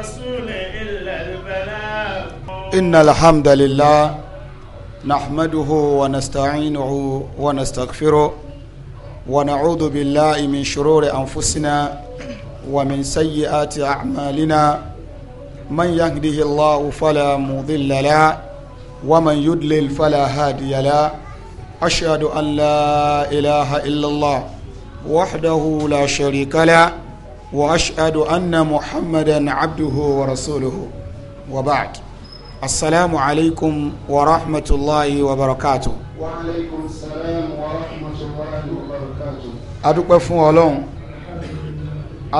الرسول إلا البلاغ إن الحمد لله نحمده ونستعينه ونستغفره ونعوذ بالله من شرور أنفسنا ومن سيئات أعمالنا من يهده الله فلا مضل له ومن يدلل فلا هادي له أشهد أن لا إله إلا الله وحده لا شريك له واشهد ان محمدا عبده ورسوله وبعد السلام عليكم ورحمه الله وبركاته وعليكم السلام ورحمه الله وبركاته adúpẹ́ fún Ọlọ́run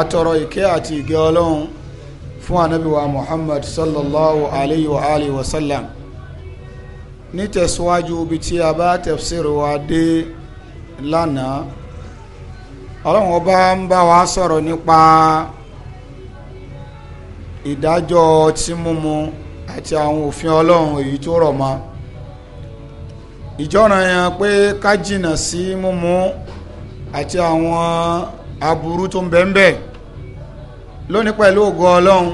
atọrọ ìkẹ́ àti ìgẹ́ Ọlọ́run fún Ànábì wa Muhammad sallallahu alayhi wa alihi wa sallam ní tẹ̀síwájú bí tí a bá tafsir wa dé lánàá ọlọ́run ọba ń bá wa sọ̀rọ̀ nípa ìdájọ́ ọtí mímu àti àwọn òfin ọlọ́run èyí tó rọ̀ mọ́ ìjọ́ràn yẹn pé ká jìnnà sí mímu àti àwọn aburú tó ń bẹ ń bẹ lónìí pẹ̀lú ògo ọlọ́run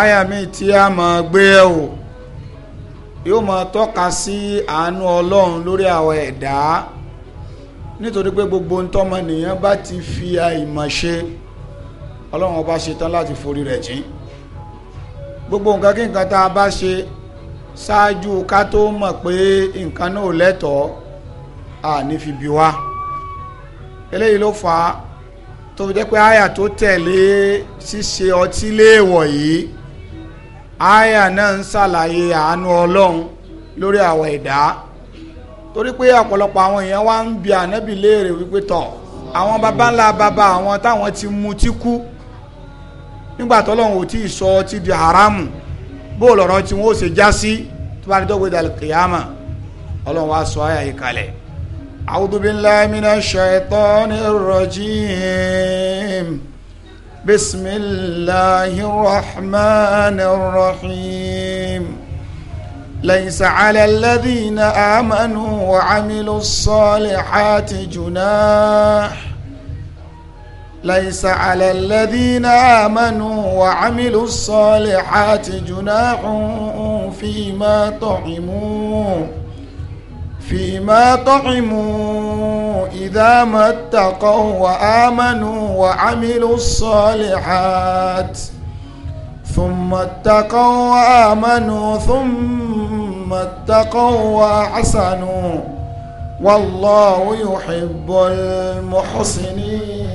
àyà mi tí a máa gbé ẹ̀wò yóò máa tọ́ka sí àánú ọlọ́run lórí àwọn ẹ̀dá. E nítorí pé gbogbo ntọ́mọnìyàn bá ti fi àìmọ̀ ṣe ọlọ́run ọba ṣetán láti forí rẹ̀ jìn gbogbo nǹkan kí nǹkan tá a bá ṣe ṣáájú ká tó mọ̀ pé nǹkan náà lẹ́tọ̀ọ́ à ní fi bí wá eléyìí ló fà á tó fi jẹ́ pé àyà tó tẹ̀lé ṣíṣe ọtí léèwọ̀ yìí àyà náà ń ṣàlàyé àánú ọlọ́run lórí àwa ẹ̀dá. E torí pé ọ̀pọ̀lọpọ̀ àwọn èèyàn wá ń bi ànábì léèrè wípé tọ̀ àwọn baba ńlá baba àwọn táwọn ti mu ti kú nígbà tọ́lọ́run ò tí ì sọ ọtí di haramu bó lọ́rọ̀ tí wọ́n ó ṣe já sí tó bá ní dọ́gbé dàlẹ́ kìyàmà ọlọ́run wá sọ ayà yìí kalẹ̀. a'udhu billahi minash shaitanir rajim bismillahir rahmanir rahim. ليس على الذين آمنوا وعملوا الصالحات جناح ليس على الذين آمنوا وعملوا الصالحات جناح فيما طعموا فيما طعموا إذا ما اتقوا وآمنوا وعملوا الصالحات ۖ ثم اتقوا وآمنوا ثم اتقوا وأحسنوا والله يحب المحسنين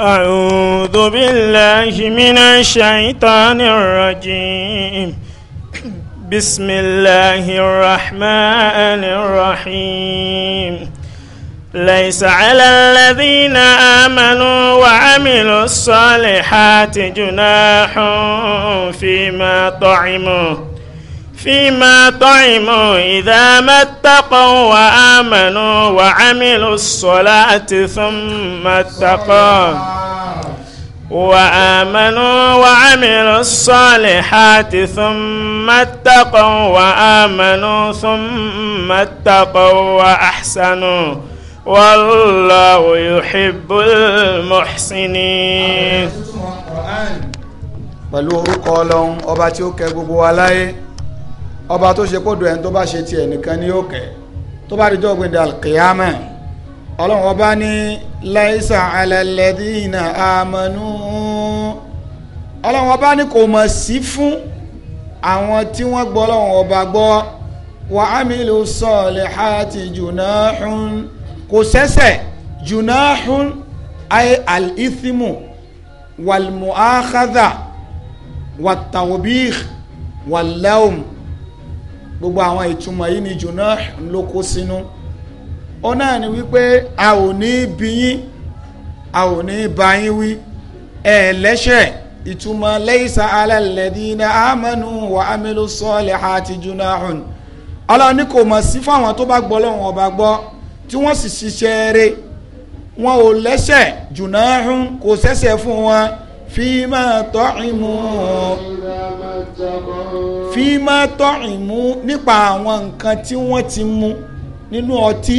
أعوذ بالله من الشيطان الرجيم بسم الله الرحمن الرحيم ليس على الذين آمنوا وعملوا الصالحات جناح فيما طعموا فيما طعموا إذا ما اتقوا وآمنوا وعملوا الصلاة ثم اتقوا وآمنوا وعملوا الصالحات ثم اتقوا وآمنوا ثم اتقوا وأحسنوا والله يحب المحسنين pẹ̀lú orúkọ ọlọ́run ọba tí ó kẹ́ gbogbo wa láyé ọba tó ṣe kódò ẹni tó bá ṣe tiẹ̀ nìkan ni ó kẹ́ tó bá dijọ́ gbẹ̀dẹ̀ alkiyama ọlọ́run ọba ní laisa alẹ́lẹ́dínà amanu ọlọ́run ọba ní kò mọ̀ sí fún àwọn tí wọ́n gbọ́ ọlọ́run ọba gbọ́ wa amilu salihati junahun kò sẹ́sẹ̀ junahun ay al-ithimu wal-mu'akhadha wat-tawbih wal-lawm gbogbo àwọn ìtumọ̀ yìí ni junah ló kó sínú ó náà ni wípé a ò ní bí yín a ò ní bá wí ẹ lẹ́ṣẹ̀ ìtumọ̀ laysa ala alladhina amanu wa amilu junahun ọlọ́ni kò mọ̀ sí fáwọn tó bá gbọ́ lọ́wọ́n ọba gbọ́ tí wọ́n sì ṣiṣẹ́ rẹ̀ wọn ò lẹ́sẹ̀ junahun kò sẹ́sẹ̀ fún wọn fíìmà tọ́ìmù fíìmà tọ́ìmù nípa àwọn nǹkan tí wọ́n ti mu nínú ọtí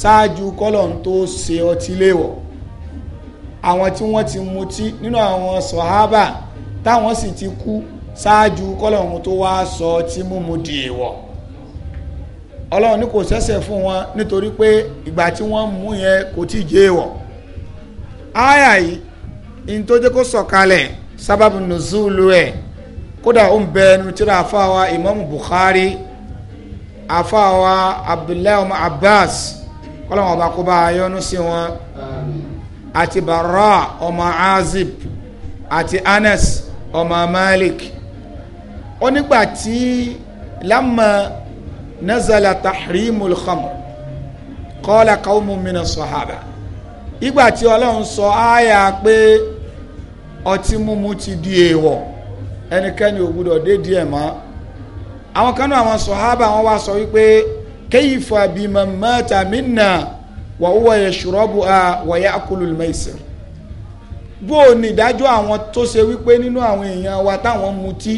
ṣáájú kọ́lọ́n tó ṣe ọtí léèwọ̀ àwọn tí wọ́n ti mutí nínú àwọn sọ̀hábà táwọn sì ti kú ṣáájú kọ́lọ́n tó wá sọ ọtí mímu di èèwọ̀ ọlọ́run ní kò sẹ́sẹ̀ fún wọn nítorí pé ìgbà tí wọ́n mú yẹn kò tí ì jẹ́ wọ̀ áyà yìí in tó jẹ́ kó sọ̀kalẹ̀ sábàbù nùzúlù ẹ̀ kódà ó ń bẹ ẹnu tíra àfáwa ìmámù Bukhari àfáwa Abdullahi Abbas kọ́lọ́mù ọba kó bá a yọ́nú sí wọn àti Barra ọmọ Azib àti Anes ọmọ Malik ó nígbà tí lámà nazala tahrimul khamr qala qawmun mina sahaba ìgbà tí ọlọ́run sọ àyà pé ọtí mímu ti di èèwọ̀ ẹnikẹ́ni ò gbúdọ̀ dédìí ẹ̀ mọ́ àwọn kan náà àwọn sọ̀hábà wọn wá sọ wípé kayfa biman mata minna wa huwa yashrabuha wa ya'kulu al-maysir bó o ní ìdájọ́ àwọn tó ṣe wípé nínú àwọn èèyàn wa táwọn mutí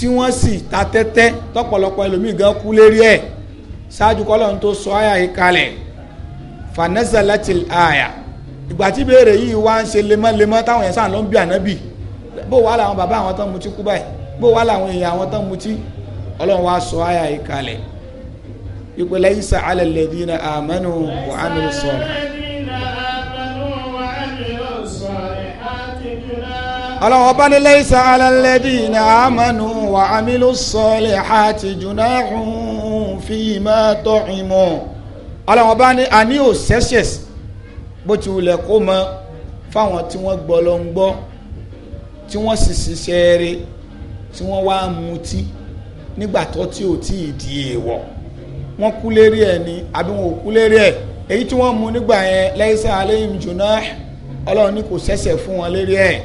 tí wọ́n sì ta tẹ́tẹ́ tọ́pọ̀lọpọ̀ ẹlòmíì gan kú lérí ẹ̀ ṣáájú kọ́lọ́run tó sọ àyà yìí kalẹ̀ fanazalatil àyà ìgbà tí béèrè yìí wá ń ṣe lemọ́lemọ́ táwọn yẹn sáà ló ń bí ànábì bó wàá làwọn bàbá àwọn tán mutí kú báyìí bó wàá làwọn èèyàn àwọn tán mutí ọlọ́run wá sọ àyà yìí kalẹ̀ ìpìlẹ̀ yìí sàálẹ̀ lẹ́dínà àmánù wàhánu sọ̀rọ̀. ọlọ́wọ́ bá ní laysa ala alladhina amanu wa amilu salihati junahun fima tu'imu ọlọ́wọ́ bá ní àní ò ṣẹ́ṣẹ̀ bó ti wulẹ̀ kó mọ fáwọn tí wọ́n gbọ́ lọ ń gbọ́ tí wọ́n sì ṣiṣẹ́ rẹ̀ tí wọ́n wá mutí nígbà tó tí ò tí ì di èèwọ̀ wọ́n kú lérí ẹ̀ ni àbí wọn ò kú lérí ẹ̀ èyí tí wọ́n mu nígbà yẹn laysa alayhim junah ọlọ́run ní kò ṣẹ̀ṣẹ̀ fún wọn lérí ẹ̀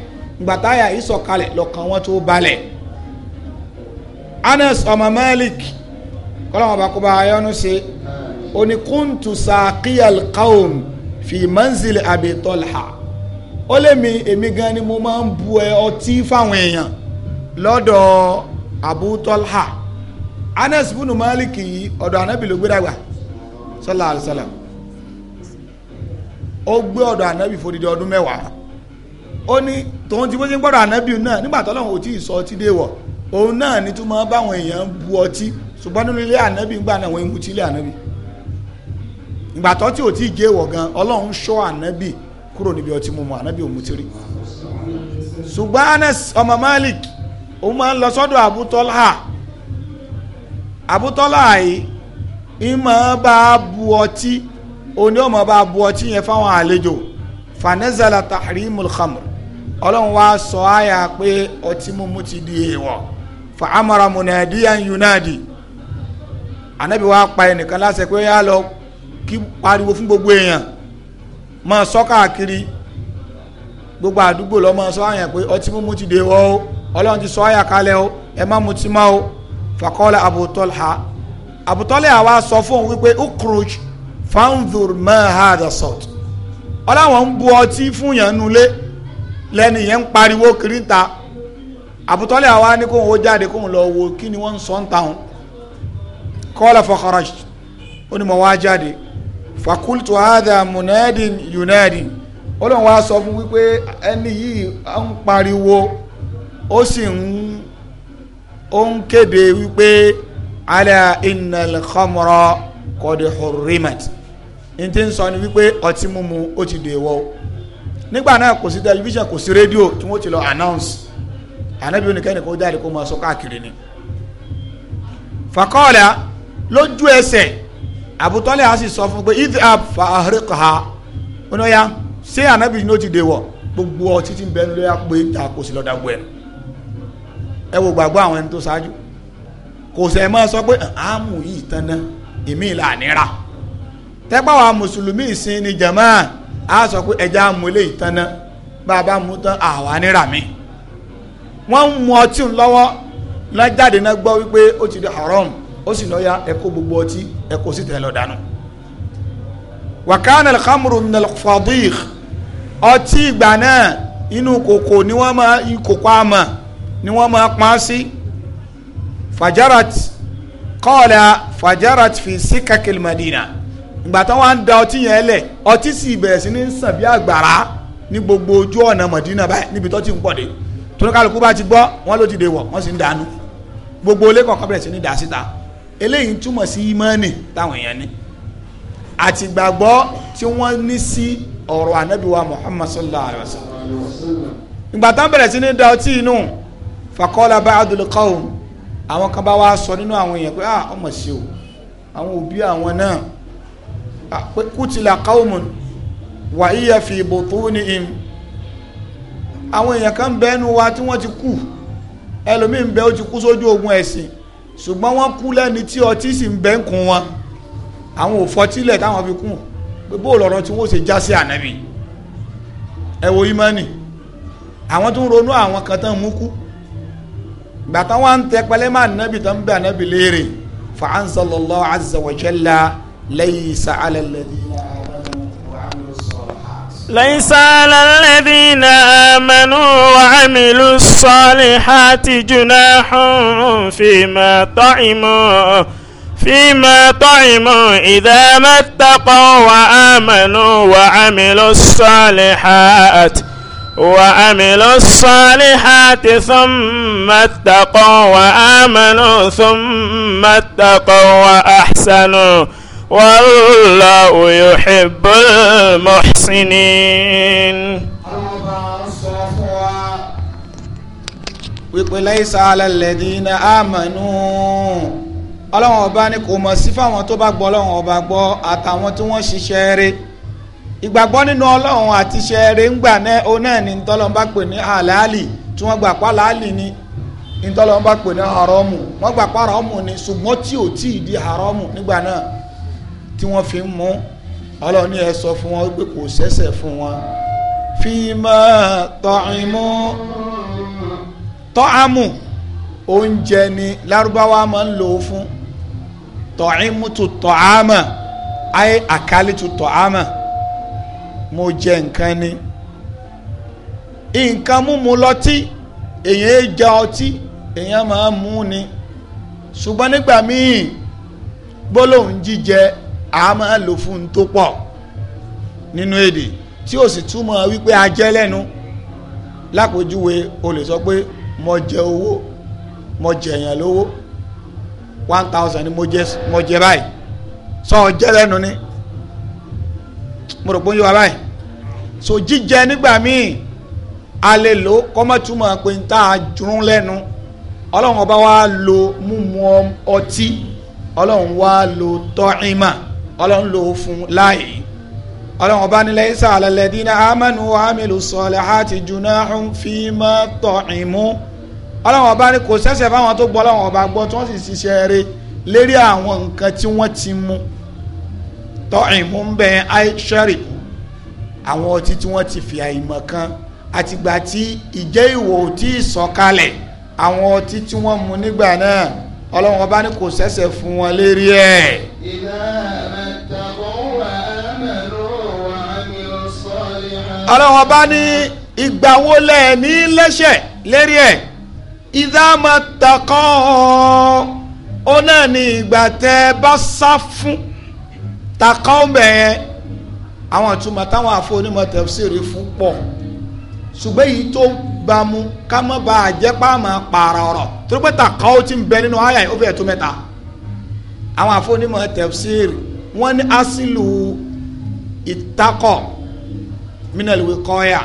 gbàtáyà yìí sọ̀kalẹ̀ lọ́kàn wọn tó balẹ̀ Anas ọmọ Malik kọ́lọ́mọ̀ bá kó bá ayọ́nu ṣe oníkùntù sàkíyàl káwọ̀m fi manzil Abi Talha ó lé mi èmi gan ni mo máa ń bu ọtí fáwọn èèyàn lọ́dọ̀ Abu Anas bunu Malik yìí ọ̀dọ̀ anábì ló gbé dàgbà sallallahu alaihi wasallam ó gbé ọ̀dọ̀ anábì fòdìdí ọdún mẹ́wàá ó ní tòun ti bó ṣe ń gbọ́dọ̀ ànábì náà nígbà tọ́lọ́run ò tí ì sọ ọtí dé wọ̀ òun náà ní tó máa báwọn èèyàn bu ọtí ṣùgbọ́n nínú ilé ànábì ń gbà náà wọ́n ń mutí ilé ànábì ìgbà tó tí ò tí ì gé wọ̀ gan ọlọ́run ṣọ́ ànábì kúrò níbi ọtí mímu ànábì ò mutí rí ṣùgbọ́n Anas ọmọ Malik òun máa ń lọ sọ́dọ̀ àbútọ́lá àbútọ́lá yìí ìmọ̀ bá bu ọtí òun ni ó máa bá bu ọtí yẹn fáwọn àlejò fanazala tahrimul khamr ọlọ́run wá sọ àyà pé ọtí mímu ti di èèwọ̀ fa amara munadiyan yunadi anabi wa pa ẹnìkan láṣẹ pé yá lọ kí pariwo fún gbogbo èèyàn máa sọ káàkiri gbogbo àdúgbò lọ máa sọ àyàn pé ọtí mímu ti di èèwọ̀ o ọlọ́run ti sọ àyà kalẹ̀ o ẹ má mutí mọ́ o faqala Abu Talha Abu wa sọ fún wípé ukruj fanzur ma hadha sọt ọlọ́run ń bu ọtí fún yàn nulẹ̀ lẹ́ni yẹn ń pariwo kiri ń ta àbútọ́lẹ̀ àwa ní kóun ó jáde kóun lọ wo kí ni wọ́n ń sọ ń tàun kọ́lá fọkàrà ó ní mo wá jáde fakultu hadha munadin yunadin olóhùn wa sọ fún wípé ẹni yìí ń pariwo ó sì ń ó ń kéde wípé ala innal khamra qad hurrimat n ti ń sọ ni wípé ọtí mímu ó ti dèwọ́ o nígbà náà kò sí tẹlifíṣàn kò sí rédíò tí wọ́n ti lọ announce ànábì oníkẹ́ni kó jáde kó máa sọ káàkiri ni. fakọ́ọ̀lá lójú ẹsẹ̀ àbútọ́lẹ̀ á sì sọ fún pé idhab fa ahriqha oníyà ṣé ànábì ní ó ti dè wọ̀ gbogbo ọtí tí ń bẹ lóyà pé ta kò sí lọ́dà gbọ́ ẹ̀ ẹ wo gbàgbọ́ àwọn ẹni tó ṣáájú kò sẹ́ máa sọ pé àmù yìí tán ná èmi ìlànà tẹ́gbà wa mùsùlùmí ìsìn ni jàmáà a sọ pé ẹja amú eléyìí tán ná bàbá mú tán àwa nírà mi wọ́n ń mu ọtí lọ́wọ́ lọ́jáde náà gbọ́ wípé ó ti di haram ó sì lọ́ọ́ ya ẹ̀kọ́ gbogbo ọtí ẹ̀kọ́ sì tẹ̀ lọ dànù. wàkánà alhamdu minal fadir ọtí ìgbà náà inú kòkò ni wọ́n máa kòkò àmọ́ ni wọ́n máa pa á sí fajarat kọ́ọ̀lá fajarat fi síkàkìl madina ìgbà tán wá ń da ọtí yẹn lẹ̀ ọtí sì bẹ̀rẹ̀ sí ní sàn bí àgbàrá ní gbogbo ojú ọ̀nà mọ̀dínà báyìí níbi tó ti ń pọ̀ dé tónúkàlùkù bá ti gbọ́ wọ́n ló ti dè wọ̀ wọ́n sì ń dànù gbogbo ilé kọ̀ọ̀kan bẹ̀rẹ̀ sí ní dà síta eléyìí túmọ̀ sí ìmọ̀ọ́nì táwọn èèyàn ní àti gbàgbọ́ tí wọ́n ní sí ọ̀rọ̀ anábìwá Muhammad sallallahu alayhi wa sallam ìgbà tán bẹ̀rẹ̀ ah ọmọ sí o àwọn kútìlà qaumun wa íyà fi butunihim àwọn èèyàn kan bẹ́ẹ̀nu wa tí ti kú ẹlòmíín ó ti kú sójú ogun ẹ̀sìn ṣùgbọ́n wọ́n kú lẹ́ni tí ọtí sì ń ń kun wọn àwọn ò fọtílẹ̀ táwọn fi kún pé bó lọ́rọ̀ tí wọ́n ṣe já sí ànábì ẹ wo àwọn ليس على الذين آمنوا وعملوا الصالحات ليس على الذين آمنوا وعملوا الصالحات جناح فيما طعموا فيما طعموا إذا ما اتقوا وآمنوا وعملوا الصالحات وعملوا الصالحات ثم اتقوا وآمنوا ثم اتقوا وأحسنوا والله يحب المحسنين. wípé laysa alal ladina amanu ọlọ́run ọba ni kò mọ̀ sí fáwọn tó bá gbọ́ ọlọ́run ọba gbọ́ àtàwọn tí wọ́n ṣiṣẹ́ rẹ̀ ìgbàgbọ́ nínú ọlọ́run àti iṣẹ́ rẹ̀ ń gbà náà ó náà ní ntọ́lọ́n bá pè ní àlàálì tí wọ́n gbà pa àlàálì ni ntọ́lọ́n bá pè ní àrọ́mù wọ́n gbà pa àrọ́mù ni ṣùgbọ́n tí ò tí ì di àrọ́mù nígbà náà tí wọ́n fi ń mú ọlọ́ni ẹ sọ fún wọn pé kò sẹ́sẹ̀ fún wọn. fíìmà tọ́ìmù tọ́àmù oúnjẹ ni lárúbáwá máa ń lò ó fún tọ́ìmù tó tọ́àmà ayé àkálí tó tọ́àmà mo jẹ nǹkan ni nǹkan múmu lọ́tí èèyàn é ọtí èèyàn máa mú ni ṣùgbọ́n nígbà míì gbólóhùn jíjẹ a máa lò fún un tó pọ̀ nínú èdè tí ó sì túmọ̀ wípé a lẹ́nu lápòjúwe o lè sọ pé mo jẹ owó mo jẹ èèyàn lówó one thousand ni mo jẹ mo jẹ báyìí sọ ọ jẹ lẹ́nu ni mo rò pé ó ń yọ wa báyìí so jíjẹ nígbà míì a lè lò kọ́mọ́túmọ̀ pé ń tá a jùrún lẹ́nu ọlọ́run ọba wa lo mímu ọtí ọlọ́run wa lo tọ́ìmà ọlọ́run lò ó fún láàyè ọlọ́run ọba ní laysa ala alladhina amanu wa amilu salihati junahun fima ta'imu ọlọ́run ọba ní kò sẹ́sẹ̀ fáwọn tó gbọ́ ọlọ́run ọba gbọ́ tí wọ́n sì ṣiṣẹ́ rẹ̀ lérí àwọn nǹkan tí wọ́n ti mú ta'imu ń bẹ aishari àwọn ọtí tí wọ́n ti fi àìmọ̀ kan àtìgbà tí ìjẹ́ ìwò tí ìsọ̀kalẹ̀ àwọn ọtí tí wọ́n mu nígbà náà ọlọ́run ọba ní kò sẹ́sẹ̀ fún wọn lérí ẹ̀. ìlànà ọlọ́wọ́n bá ní ìgbà wo lẹ̀ ní lẹ́sẹ̀ lérí ẹ̀ ìdáàmà takàn ó náà ní ìgbà tẹ́ bá sá fún takàn bẹ̀yẹn àwọn ìtumọ̀ táwọn àfọ onímọ̀ tẹ̀síìrì fún pọ̀ ṣùgbọ́n èyí tó bá mu ká mọ́ bá a jẹ́ pa àmọ́ pààrọ̀ ọ̀rọ̀ torí pé takàn ó ti ń bẹ nínú àyà ó fẹ́ẹ̀ tó mẹ́ta àwọn àfọ onímọ̀ tẹ̀síìrì wọ́n ní asílù ìtakọ̀ minal wiqaya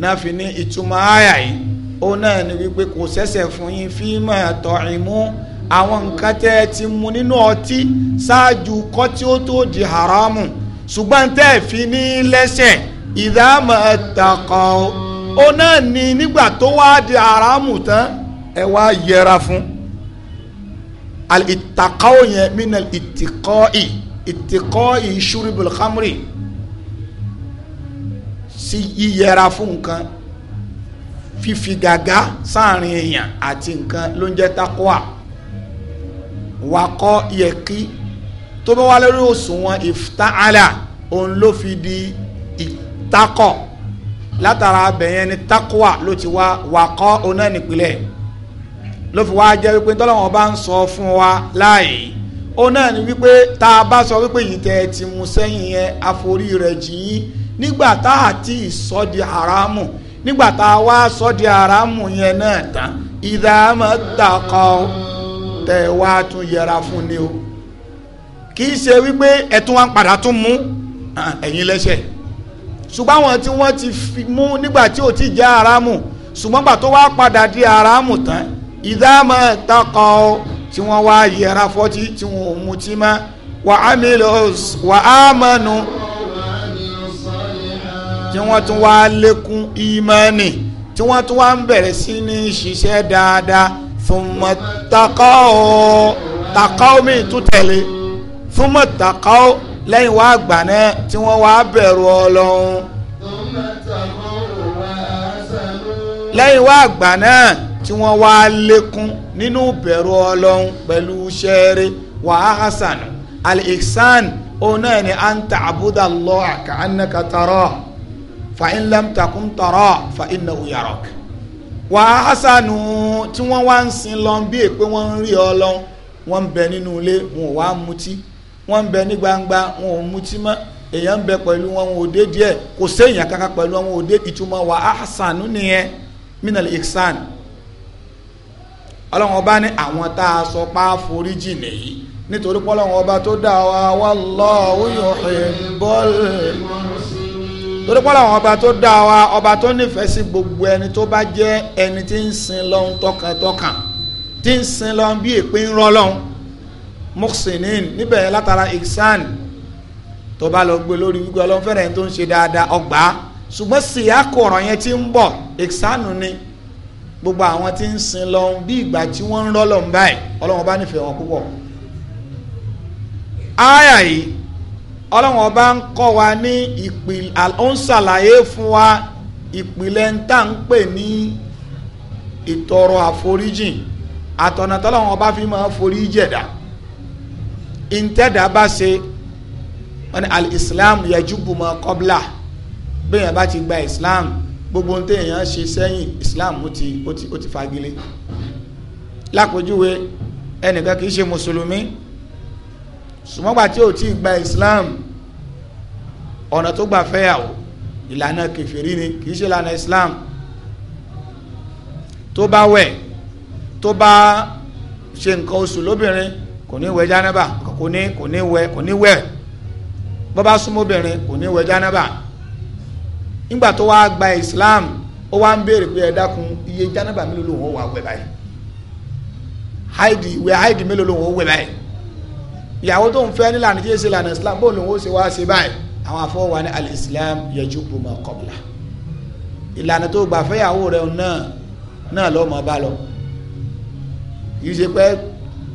náà fi ní ìtumọ̀ àyà yìí ó náà ní wípé kò sẹ́sẹ̀ fún yín fíìmù ẹ̀tọ́ ìmú àwọn nǹkan tẹ́ ẹ ti mu nínú ọtí ṣáájú kọ́ tí ó tó di haramu ṣùgbọ́n tẹ́ fi ní lẹ́sẹ̀ ìdáàmú ẹ̀tàkọ́ ó náà ní nígbà tó wá di haramu tán ẹ wá yẹra fún al ìtàkọ́ yẹn minal ìtìkọ́ ì ìtìkọ́ ì ṣúrìbùl khamri sí yíyẹra fún nǹkan fífi gàgá sáàrin èèyàn àti nǹkan ló ń jẹ́ takoa wakọ yẹki tó bá wà lórí òṣùwọ̀n ìfitaala òun ló fi di ìtakọ̀ látara abẹ̀yẹn ni takoa ló ti wá wakọ oná nípìnlẹ̀ ló fi wá jẹ́ wípé tọ́lọ́wọ́n bá ń sọ fún wa láàyè ó náà ni wípé tá a bá sọ wípé yìí tẹ́ ẹ ti mú sẹ́yìn yẹn àforí rẹ̀ jì yín nígbà tá a ti sọ haramu nígbà tá a wá sọ haramu yẹn náà tán ìdààmú dàkọ tẹ wá tún yẹra fún ni o kì ṣe wípé ẹtún wa padà tún mú ẹ̀yin lẹ́sẹ̀ ṣùgbọ́n àwọn tí wọ́n ti fi mú nígbà tí ò ti jẹ́ haramu ṣùgbọ́n gbà tó wá padà di haramu tán ìdààmú dàkọ tí wọ́n wá yẹra fọ́tí tí wọ́n ò mutí mọ́ wàhámi lọ́s wàhámanu tí wọ́n tún wá lékún ìmánì tí wọ́n tún wá ń bẹ̀rẹ̀ sí ní ṣiṣẹ́ dáadáa fúnmọ́ takọ́ ọ́ takọ́ mi tún tẹ̀lé fúnmọ́ takọ́ lẹ́yìn wá gbà náà tí wọ́n wá bẹ̀rù ọlọ́run lẹ́yìn wá àgbà náà tí wọ́n wá lékún nínú bẹ̀rù ọlọ́run pẹ̀lú sẹ́ẹ̀rẹ́ wàá hasan al-ihsan òun náà ni anta abudallah ka'annaka tarah fa in lam takun tara fa innahu yarak wà á hasanu tí wọ́n wá ń sin lọ bí èpè wọ́n ń rí ọ lọ wọ́n ń bẹ nínú ilé wọn ò wá mutí wọ́n ń bẹ ní gbangba wọn ò mutí mọ́ èèyàn ń bẹ pẹ̀lú wọn wọn ò dé díẹ̀ kò séèyàn kankan pẹ̀lú wọn wọn ò dé ìtumọ̀ wà á hasanu nìyẹn minal ihsan ọlọ́run ọba ní àwọn tá a sọ pa foríjì nìyí nítorí pọ́lọ́run ọba tó dá wa wallahu yuhibbul torí pọ́lá àwọn ọba tó dá wa ọba tó nífẹ̀ẹ́ sí gbogbo ẹni tó bá jẹ́ ẹni tí ń sin lọ́hún tọkàntọkàn tí ń sin lọ́hún bí èpè ń rọ́ lọ́hún muhsinin níbẹ̀ yẹn látara ihsan tó bá lọ gbé lórí wípé ọlọ́run fẹ́rẹ̀ tó ń ṣe dáadáa ọgbà ṣùgbọ́n síyákò ọ̀ràn yẹn ti ń bọ̀ ihsan ni gbogbo àwọn tí ń sin lọ́hún bí ìgbà tí wọ́n ń rọ́ lọ́hún báyìí ọlọ́run bá nífẹ̀ẹ́ wọn púpọ̀ áyà yìí ọlọ́run ọba ń kọ́ wa ní ìpìlẹ̀ ó ń ṣàlàyé fún wa ìpìlẹ̀ ń tà ń pè ní ìtọrọ àforíjìn àtọ̀nà tọ́lọ́run ọba fi máa forí jẹ̀dá ìǹtẹ̀dá bá ṣe wọ́n ní alìsílámù yajubu mọ́ kọ́bílà bẹ́ẹ̀ bá ti gba ìsìlámù gbogbo ohun téèyàn ṣe sẹ́yìn ìsìlámù ó ti ó ti fagilé lápòjúwe ẹnìkan kì í ṣe mùsùlùmí sùmọ́gbà tí ò tí gba islam ọ̀nà tó gbà fẹ́yàwó ìlànà kẹfìrí ni kì í ṣe ìlànà islam tó bá wẹ̀ tó bá ṣe nǹkan oṣù lóbìnrin kò ní wẹ̀ jánábà kò ní kò ní wẹ̀ kò ní wẹ̀ bó bá súnmọ́ obìnrin kò ní wẹ̀ jánábà nígbà tó wá gba islam ó wá ń béèrè pé ẹ iye jánábà mélòó lòun ó wà wẹ̀ báyìí haidi ìwẹ̀ haidi mélòó lòun ó wẹ̀ báyìí ìyàwó tó ń fẹ́ nílànà tí yé ṣe lànà islam bó lòun ó ṣe wá ṣe báyìí àwọn afọwọ́ ní al-islam yẹjú bùmọ̀ kọ̀bùlà ìlànà tó gbà fẹ́yàwó rẹ náà náà lọ́ mọ̀ bá lọ yìí ṣe pé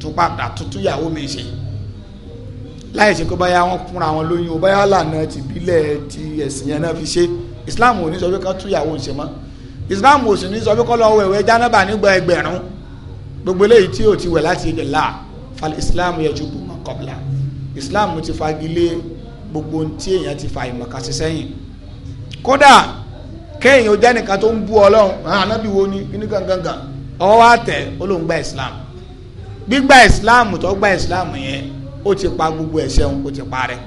tupata tutuyàwó mi ṣe láì ṣe pé báyà wọn fúnra wọn lóyún o báyà lànà tìbílẹ̀ ti ẹ̀sìn yẹn náà fi ṣe islam ò ní sọ pé kán túyàwó ń ṣe mọ́ islam ò sì ní sọ pé kọ́ lọ́wọ́ ẹ̀wẹ̀ jánábà nígbà ẹgbẹ̀rún gbogbo eléyìí tí ò ti wẹ̀ láti ilẹ̀ láà fal islam yẹjú bù kọ́bílà islam ti fagilé gbogbo tí èèyàn ti fa ìmọ̀ká sí sẹ́yìn kódà kéèyàn jẹ́ nìkan tó ń bú ọlọ́run ànábì ni kíní gangan ọwọ́ wa tẹ̀ ó ló ń gba islam gbígba islam tó gba islam yẹn ó ti pa gbogbo ẹ̀ṣẹ̀ òun kó ti parẹ́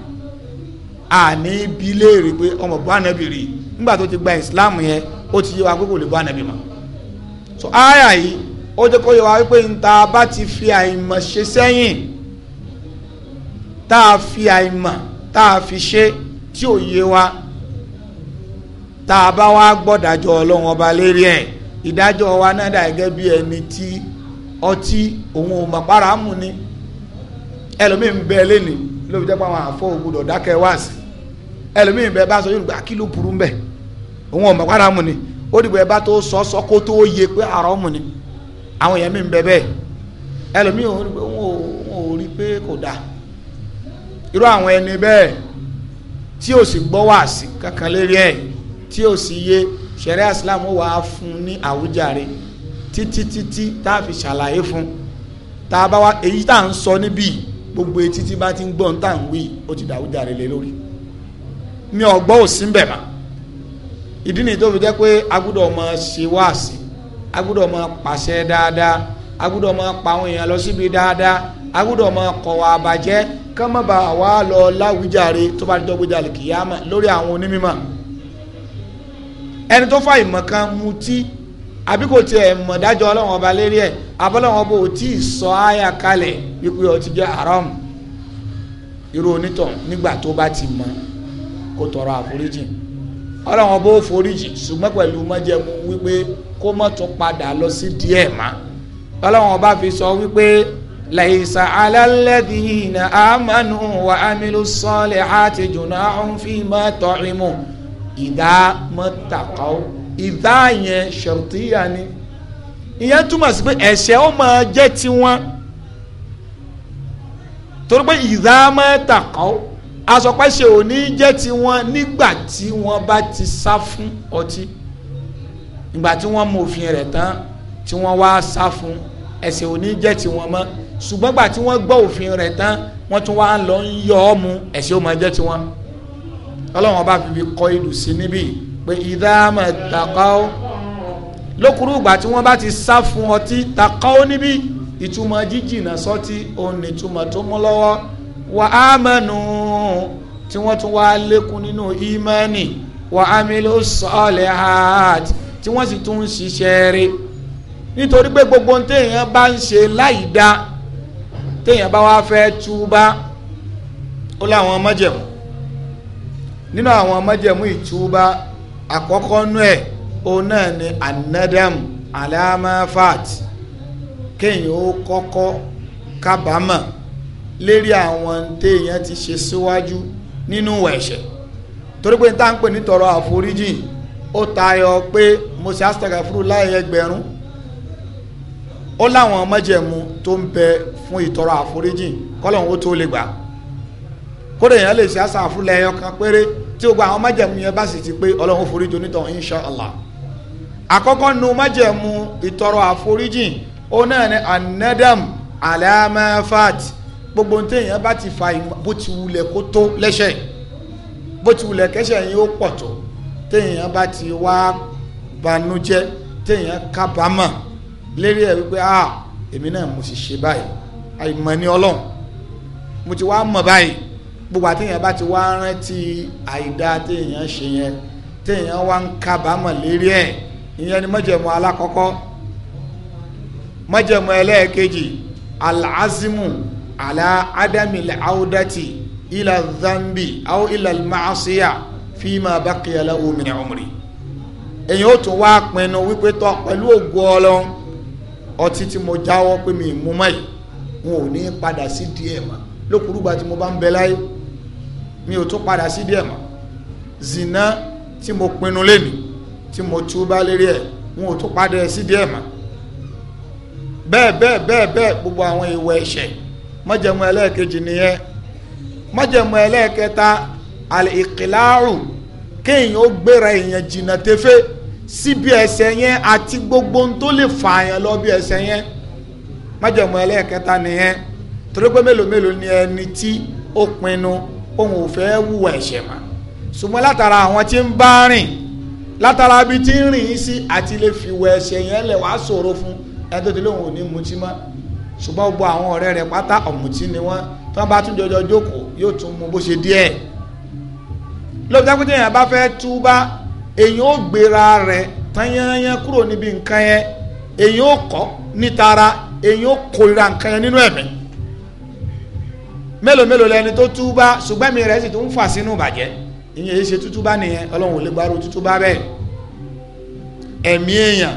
àní ibi léèrè pé ọmọ bọ́ ànábì rí nígbà tó ti gba islam yẹn ó ti yé wa pé lè bọ́ ànábì mọ́ so áyà yìí ó jẹ́ kó yẹ wa wípé níta bá ti fi àìmọ̀ ṣe sẹ́yìn tá a fi àìmọ̀ tá a fi ṣe tí ò yé wa tá a bá wá gbọ́dájọ́ ọlọ́run ọba lérí ẹ̀ ìdájọ́ wa náà dà gẹ́gẹ́ bí ẹni tí ọtí òun ò mọ̀ para mú ni ẹlòmíì ń bẹ lẹ́nìí ló fi jẹ́ pé àwọn àfọ ògbódò dákẹ́ wá sí ẹlòmíì ń bẹ bá sọ yóò gbà kí ló burú ń bẹ òun ò mọ̀ para mú ni ó dìbò ẹ bá tó sọ sọ kó tó yẹ pé àrọ́ mú ni àwọn èèyàn mi ń bẹ bẹ́ẹ̀ òun ò rí pé kò dáa irú àwọn ẹni bẹ́ẹ̀ tí ò sì gbọ́ wá sí kankan lérí ẹ̀ tí ò sì yé sẹ̀rẹ́ islam wà á fún un ní àwùjáre títí títí tá a fi ṣàlàyé fún tá a bá wá èyí tá à ń sọ níbí gbogbo etí tí bá ti ń gbọ́ ń tà ń wí ó ti dà lé lórí mi ò gbọ́ ò sí ń bẹ̀ mọ́ ìdí nìyí tó fi jẹ́ pé agbọ́dọ̀ máa ṣe wá sí agbọ́dọ̀ máa pàṣẹ dáadáa agudo máa pa àwọn èèyàn lọ síbi dáadáa agbọ́dọ̀ máa kọ̀ wá àbàjẹ́ kọ́mọba àwa lọ láwùjáre tó bá jọ gbéjà kìyàmà lórí àwọn onímọ̀ ẹni tó fà ìmọ̀ kan mutí àbí kò tiẹ̀ mọ̀ dájọ́ ọlọ́run ọba lérí ẹ̀ abọ́lọ́run ọba ò tí ì sọ àyà kalẹ̀ wípé ọtí jẹ́ haram irú onítàn nígbà tó bá ti mọ̀ kó tọrọ àforíjì ọlọ́run ọba ó foríjì ṣùgbọ́n pẹ̀lú májẹ̀mú wípé kó má tún padà lọ sí díẹ̀ má ọlọ́run ọba fi sọ wípé. ليس على الذين آمنوا وعملوا الصالحات جناح فيما طعموا إذا ما اتقوا إذا yẹn شرطية ni ìyẹn túmọ̀ sí pé ẹ̀ṣẹ̀ ó máa jẹ́ tiwọn torí pé إذا ما اتقوا asọ̀pẹ́sẹ̀ ò ní jẹ́ tiwọn nígbà tí wọ́n bá ti sá fún ọtí ìgbà tí wọ́n mọ òfin rẹ̀ tán tí wọ́n wá sá fún ẹ̀ṣẹ̀ ò ní jẹ́ tiwọn mọ́ ṣùgbọ́n gbà tí wọ́n gbọ́ òfin rẹ̀ tán wọ́n tún wá lọ ń yọ ọ́ mu ẹ̀sìn ó máa jẹ́ tiwọn ọlọ́run ọba fi fi kọ́ ìlú sí níbí pé ìdáàmà tàkọ́ lókùrú ìgbà tí wọ́n bá ti sá fún ọtí tàkọ́ níbí ìtumọ̀ jíjìnà sọ́tí òun nìtumọ̀ tó mú lọ́wọ́ wà á mẹ́nu tí wọ́n tún wá lékún nínú ìmánì wà á mílò sọ́ọ̀lẹ̀ hàt tí wọ́n sì tún ń ṣiṣẹ́ rí nítorí pé gbogbo ntẹ̀yìn bá ń ṣe láì dáa téèyàn bá wá fẹ́ túbá ó láwọn májẹ̀mú nínú àwọn májẹ̀mú ìtúbá àkọ́kọ́ nú ẹ̀ òun náà ni anadam alamafat kéèyàn ó kọ́kọ́ kábàámọ̀ lérí àwọn téèyàn ti ṣe síwájú nínú ẹ̀ṣẹ̀ torí pé tá à ń pè ní tọrọ àforíjì ó tayọ pé mo ṣe astagafuru láàyè ẹgbẹ̀rún ó láwọn májẹ̀mú tó ń bẹ fún ìtọrọ àforíjì kọ́lọ́hún ó tó lè gbà kódà èèyàn lè ṣe àṣàfù lẹ́yọ kan péré tí gbogbo àwọn májẹ̀mú yẹn bá sì ti pé ọlọ́run ó foríjì onítàn insha allah àkọ́kọ́ nu májẹ̀mú ìtọrọ àforíjì ó náà ní anadam alamafat gbogbo ní téèyàn bá ti fa bó ti wulẹ̀ kó tó lẹ́sẹ̀ bó ti wulẹ̀ kẹ́sẹ̀ yín ó pọ̀ tó téèyàn bá ti wá banújẹ́ téèyàn kábàámọ̀ lérí ẹ̀ wípé ah èmi náà mo sì ṣe báyìí àìmọ̀ ni ọlọ́run mo ti wá mọ̀ báyìí gbogbo àtẹ̀yìn bá ti wá rántí àìdá téèyàn ṣe yẹn téèyàn wá ń kábàámọ̀ lérí ẹ̀ ìyẹn ni mọ̀jẹ̀mú alákọ̀ọ́kọ́ mọ̀jẹ̀mú ẹlẹ́ẹ̀kejì alaazimu ala adami awdati ila zambi aw ila maasiya fima baqiya lahu min umri èyàn ó tún wá pinnu wípé tọ́ pẹ̀lú ògo ọlọ́run ọtí tí mo jáwọ́ pé mi ì mú mọ́ yìí wọn ò ní padà sí díẹ̀ mọ́ lókùrúgba tí mo bá ń bẹ láyé mi ò tún padà sí díẹ̀ mọ́ zina tí mo pinnu léni tí mo túbá lérí ẹ̀ wọn ò tún padà sí díẹ̀ mọ́ bẹ́ẹ̀ bẹ́ẹ̀ bẹ́ẹ̀ bẹ́ẹ̀ gbogbo àwọn ìwà ẹ̀ṣẹ̀ májẹ̀mú ẹlẹ́ẹ̀kejì nìyẹn májẹ̀mú ẹlẹ́ẹ̀kẹta àlìkìláàrù kéèyàn ó gbéra èèyàn jìnnà tẹ́fẹ́ síbi ẹ̀ṣẹ̀ yẹn àti gbogbo ohun tó lè fààyàn lọ bí ẹ̀ṣẹ̀ yẹn májẹ̀mú ẹlẹ́ẹ̀kẹta nìyẹn torí pé mélòó mélòó ni ẹni tí ó pinnu òun ò fẹ́ wùwà ẹ̀ṣẹ̀ mọ́ ṣùgbọ́n látara àwọn tí ń bá rìn látara bí tí ń rìn sí àti lè fìwà ẹ̀ṣẹ̀ yẹn lẹ̀ wá ṣòro fún ẹni tó ti lóun ò ní mutí mọ́ ṣùgbọ́n gbogbo àwọn ọ̀rẹ́ rẹ̀ pátá ọ̀mùtí ni wọ́n tí wọ́n bá tún jọjọ jókòó yóò tún mu bó ṣe díẹ̀ lóbi dákúté yẹn bá fẹ́ túbá èyàn ó gbéra rẹ̀ tanyanya kúrò níbi nǹkan yẹn èyàn ó kọ́ nítara èyí ó kórira nǹkan yẹn nínú ẹ̀mí mélòó mélòó lẹni tó túbá ṣùgbọ́n mi rẹ̀ sì tó ń fà sínú ìbàjẹ́ ìyẹn èyí ṣe tútúbá nìyẹn ọlọ́run ò lè gbárò tútúbá bẹ́ẹ̀ ẹ̀mí èèyàn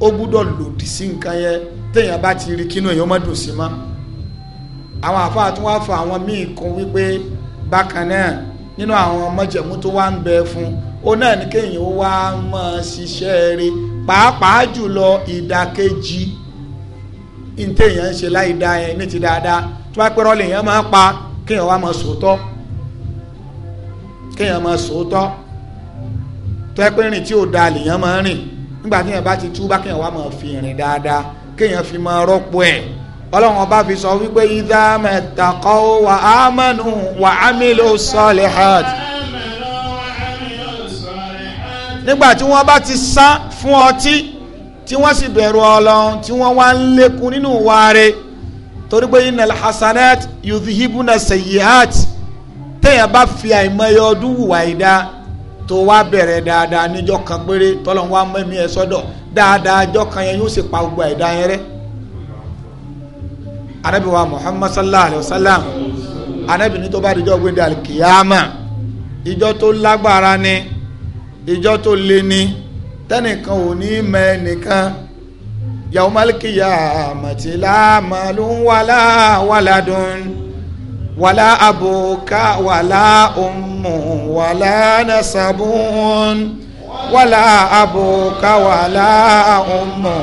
ó gbúdọ̀ lòdì sí nǹkan yẹn téèyàn bá ti rí kínú èèyàn mọ́dún sí mọ́ àwọn àfáà tún wá fa àwọn míì kún wípé bákan náà nínú àwọn mọ́jẹ̀mú tó wá ń bẹ fún ó náà ní kéèyàn ó wá máa ṣiṣẹ́ rí pàápàá jùlọ ìdàkejì ntẹ èèyàn ń ṣe láì da ẹ ní ti dáadáa tó bá pẹ́rọ́ lè yẹn máa pa kéèyàn wá máa sòótọ́ kéèyàn máa sòótọ́ tó ẹ pé rìn tí ò da lè yẹn máa rìn nígbà tí yẹn bá ti túbá kéèyàn wá máa fi rìn dáadáa kéèyàn fi máa rọ́pò ẹ̀ ọlọ́run ọba fi sọ wípé idha mattaqaw wa amanu wa amilu salihat nígbà tí wọ́n bá ti sá fún ọtí tí wọ́n sì bẹ̀rù ọlọ́run tí wọ́n wá ń lékun nínú wáre torí pé innal hasanat yudhibuna sayyiat téèyàn bá fi àìmọye ọdún wùwà ìdá tó wá bẹ̀rẹ̀ dáadáa níjọ́ kan péré tọ́lọ́run wá mẹ́mí ẹ sọ́dọ̀ dáadáa ọjọ́ kan yẹn yóò sì pa gbogbo àìdá yẹn rẹ́ anabi wa muhammad sallallahu alayhi wa sallam anabi ní tó bá dijọ́ gbé dàlkìyàmà ìjọ tó lágbára ni ìjọ tó lé ni tẹ́nìkan ò ní mọ ẹnìkan yàwùmálìkìyà màtìlá màlúwàlá wàládùn wàlá àbùká wàlá ummu wàlá nasabun wàlá àbùká wàlá ummu.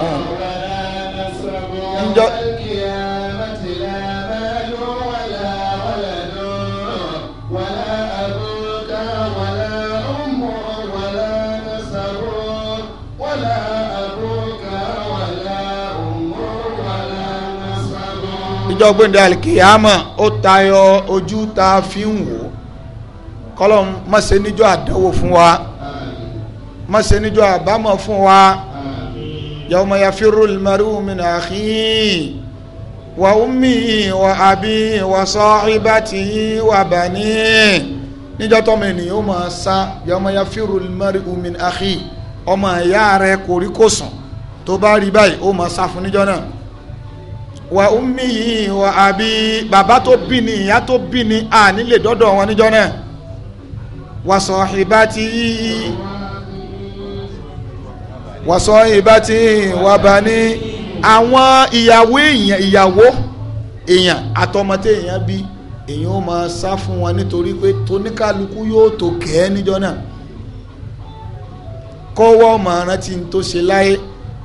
dijọ́ gbẹ̀ndẹ̀ alikiyama ó tayọ ojú ta fi ń wò kọ́lọ̀ má ṣe níjọ́ àdánwò fún wa má ṣe níjọ́ àbámọ̀ fún wa yawma yafirul maru min akhi wa ummi wa abi wa sahibati wa bani níjọ́ tọ́mọ ènìyàn ó máa sá yawma yafirul maru min akhi ọmọ ìyá rẹ̀ kò rí kò sàn tó bá rí báyìí ó máa sá fún níjọ́ náà wà umi yìí wà àbí bàbá tó bí ni ìyá tó bí ni a nílé dọ́dọ̀ wọn níjọ́ náà wà sọhibati wà sọhibati wà bani àwọn ìyàwó èèyàn ìyàwó èèyàn àtọmọtẹ èèyàn bí èèyàn ó máa sá fún wọn nítorí pé tóníkàlùkù yóò tó kẹ́ níjọ́ náà kọ́wọ́ màrán tí tó ṣe láyé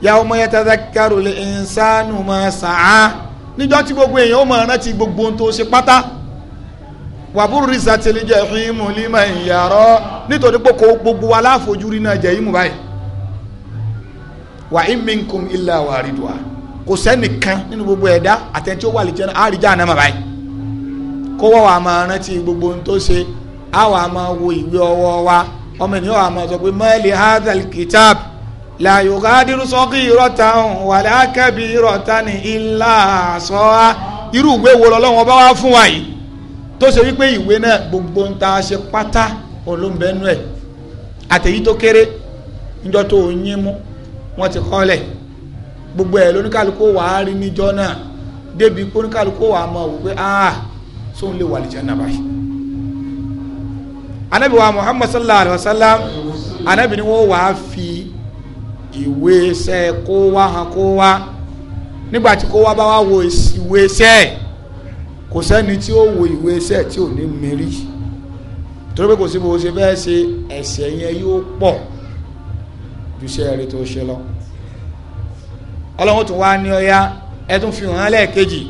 yawma yatadhakkaru l-insanu ma sa'a níjọ́ tí gbogbo èèyàn ó máa rántí gbogbo ohun tó ṣe pátá wàbúrú rìsà tẹ̀lé jẹ́ ìhìmù liman yara nítorí pé kò gbogbo wa láfojúrí náà jẹ́ ìmù báyìí wa in minkum illa wariduha kò sẹ́nìkan nínú gbogbo ẹ̀dá àtẹ̀tí ó wà lè jẹ́nà àríjà náà mà báyìí kó wọ́n wà máa rántí gbogbo ohun tó ṣe á wà wo ìwé ọwọ́ wa ọmọ ènìyàn wà máa sọ pé mali hadhal kitab la yugadiru saghiratan wala kabiratan illa ahsaha irú ìwé wo lọ́wọ́ bá wá fún wa yìí tó ṣe wípé ìwé náà gbogbo ń ta ṣe pátá olóńbẹ́nu ẹ̀ àtẹ̀yí tó kéré níjọ́ tó yín mú wọ́n ti kọ́lẹ̀ gbogbo ẹ̀ lóníkàlùkò wà á rí níjọ́ náà débi kóníkàlùkò wà á mọ̀ wípé ah sóun lè wà lìjẹ́ náà báyìí anabi wa muhammad sallallahu alaihi wa sallam anabi ni wọ́n wà á fi ìwé iṣẹ́ kó wá hàn kó wá nígbà tí kó wá bá wá wo ìwé iṣẹ́ kò sẹ́ni tí ó wo ìwé iṣẹ́ tí ò ní mérí torí pé kò sí bó ṣe fẹ́ ṣe ẹ̀ṣẹ̀ yẹn yóò pọ̀ ju iṣẹ́ rẹ tó ṣe lọ ọlọ́run tún wá ní ọya ẹ tún fi hàn án lẹ́ẹ̀kejì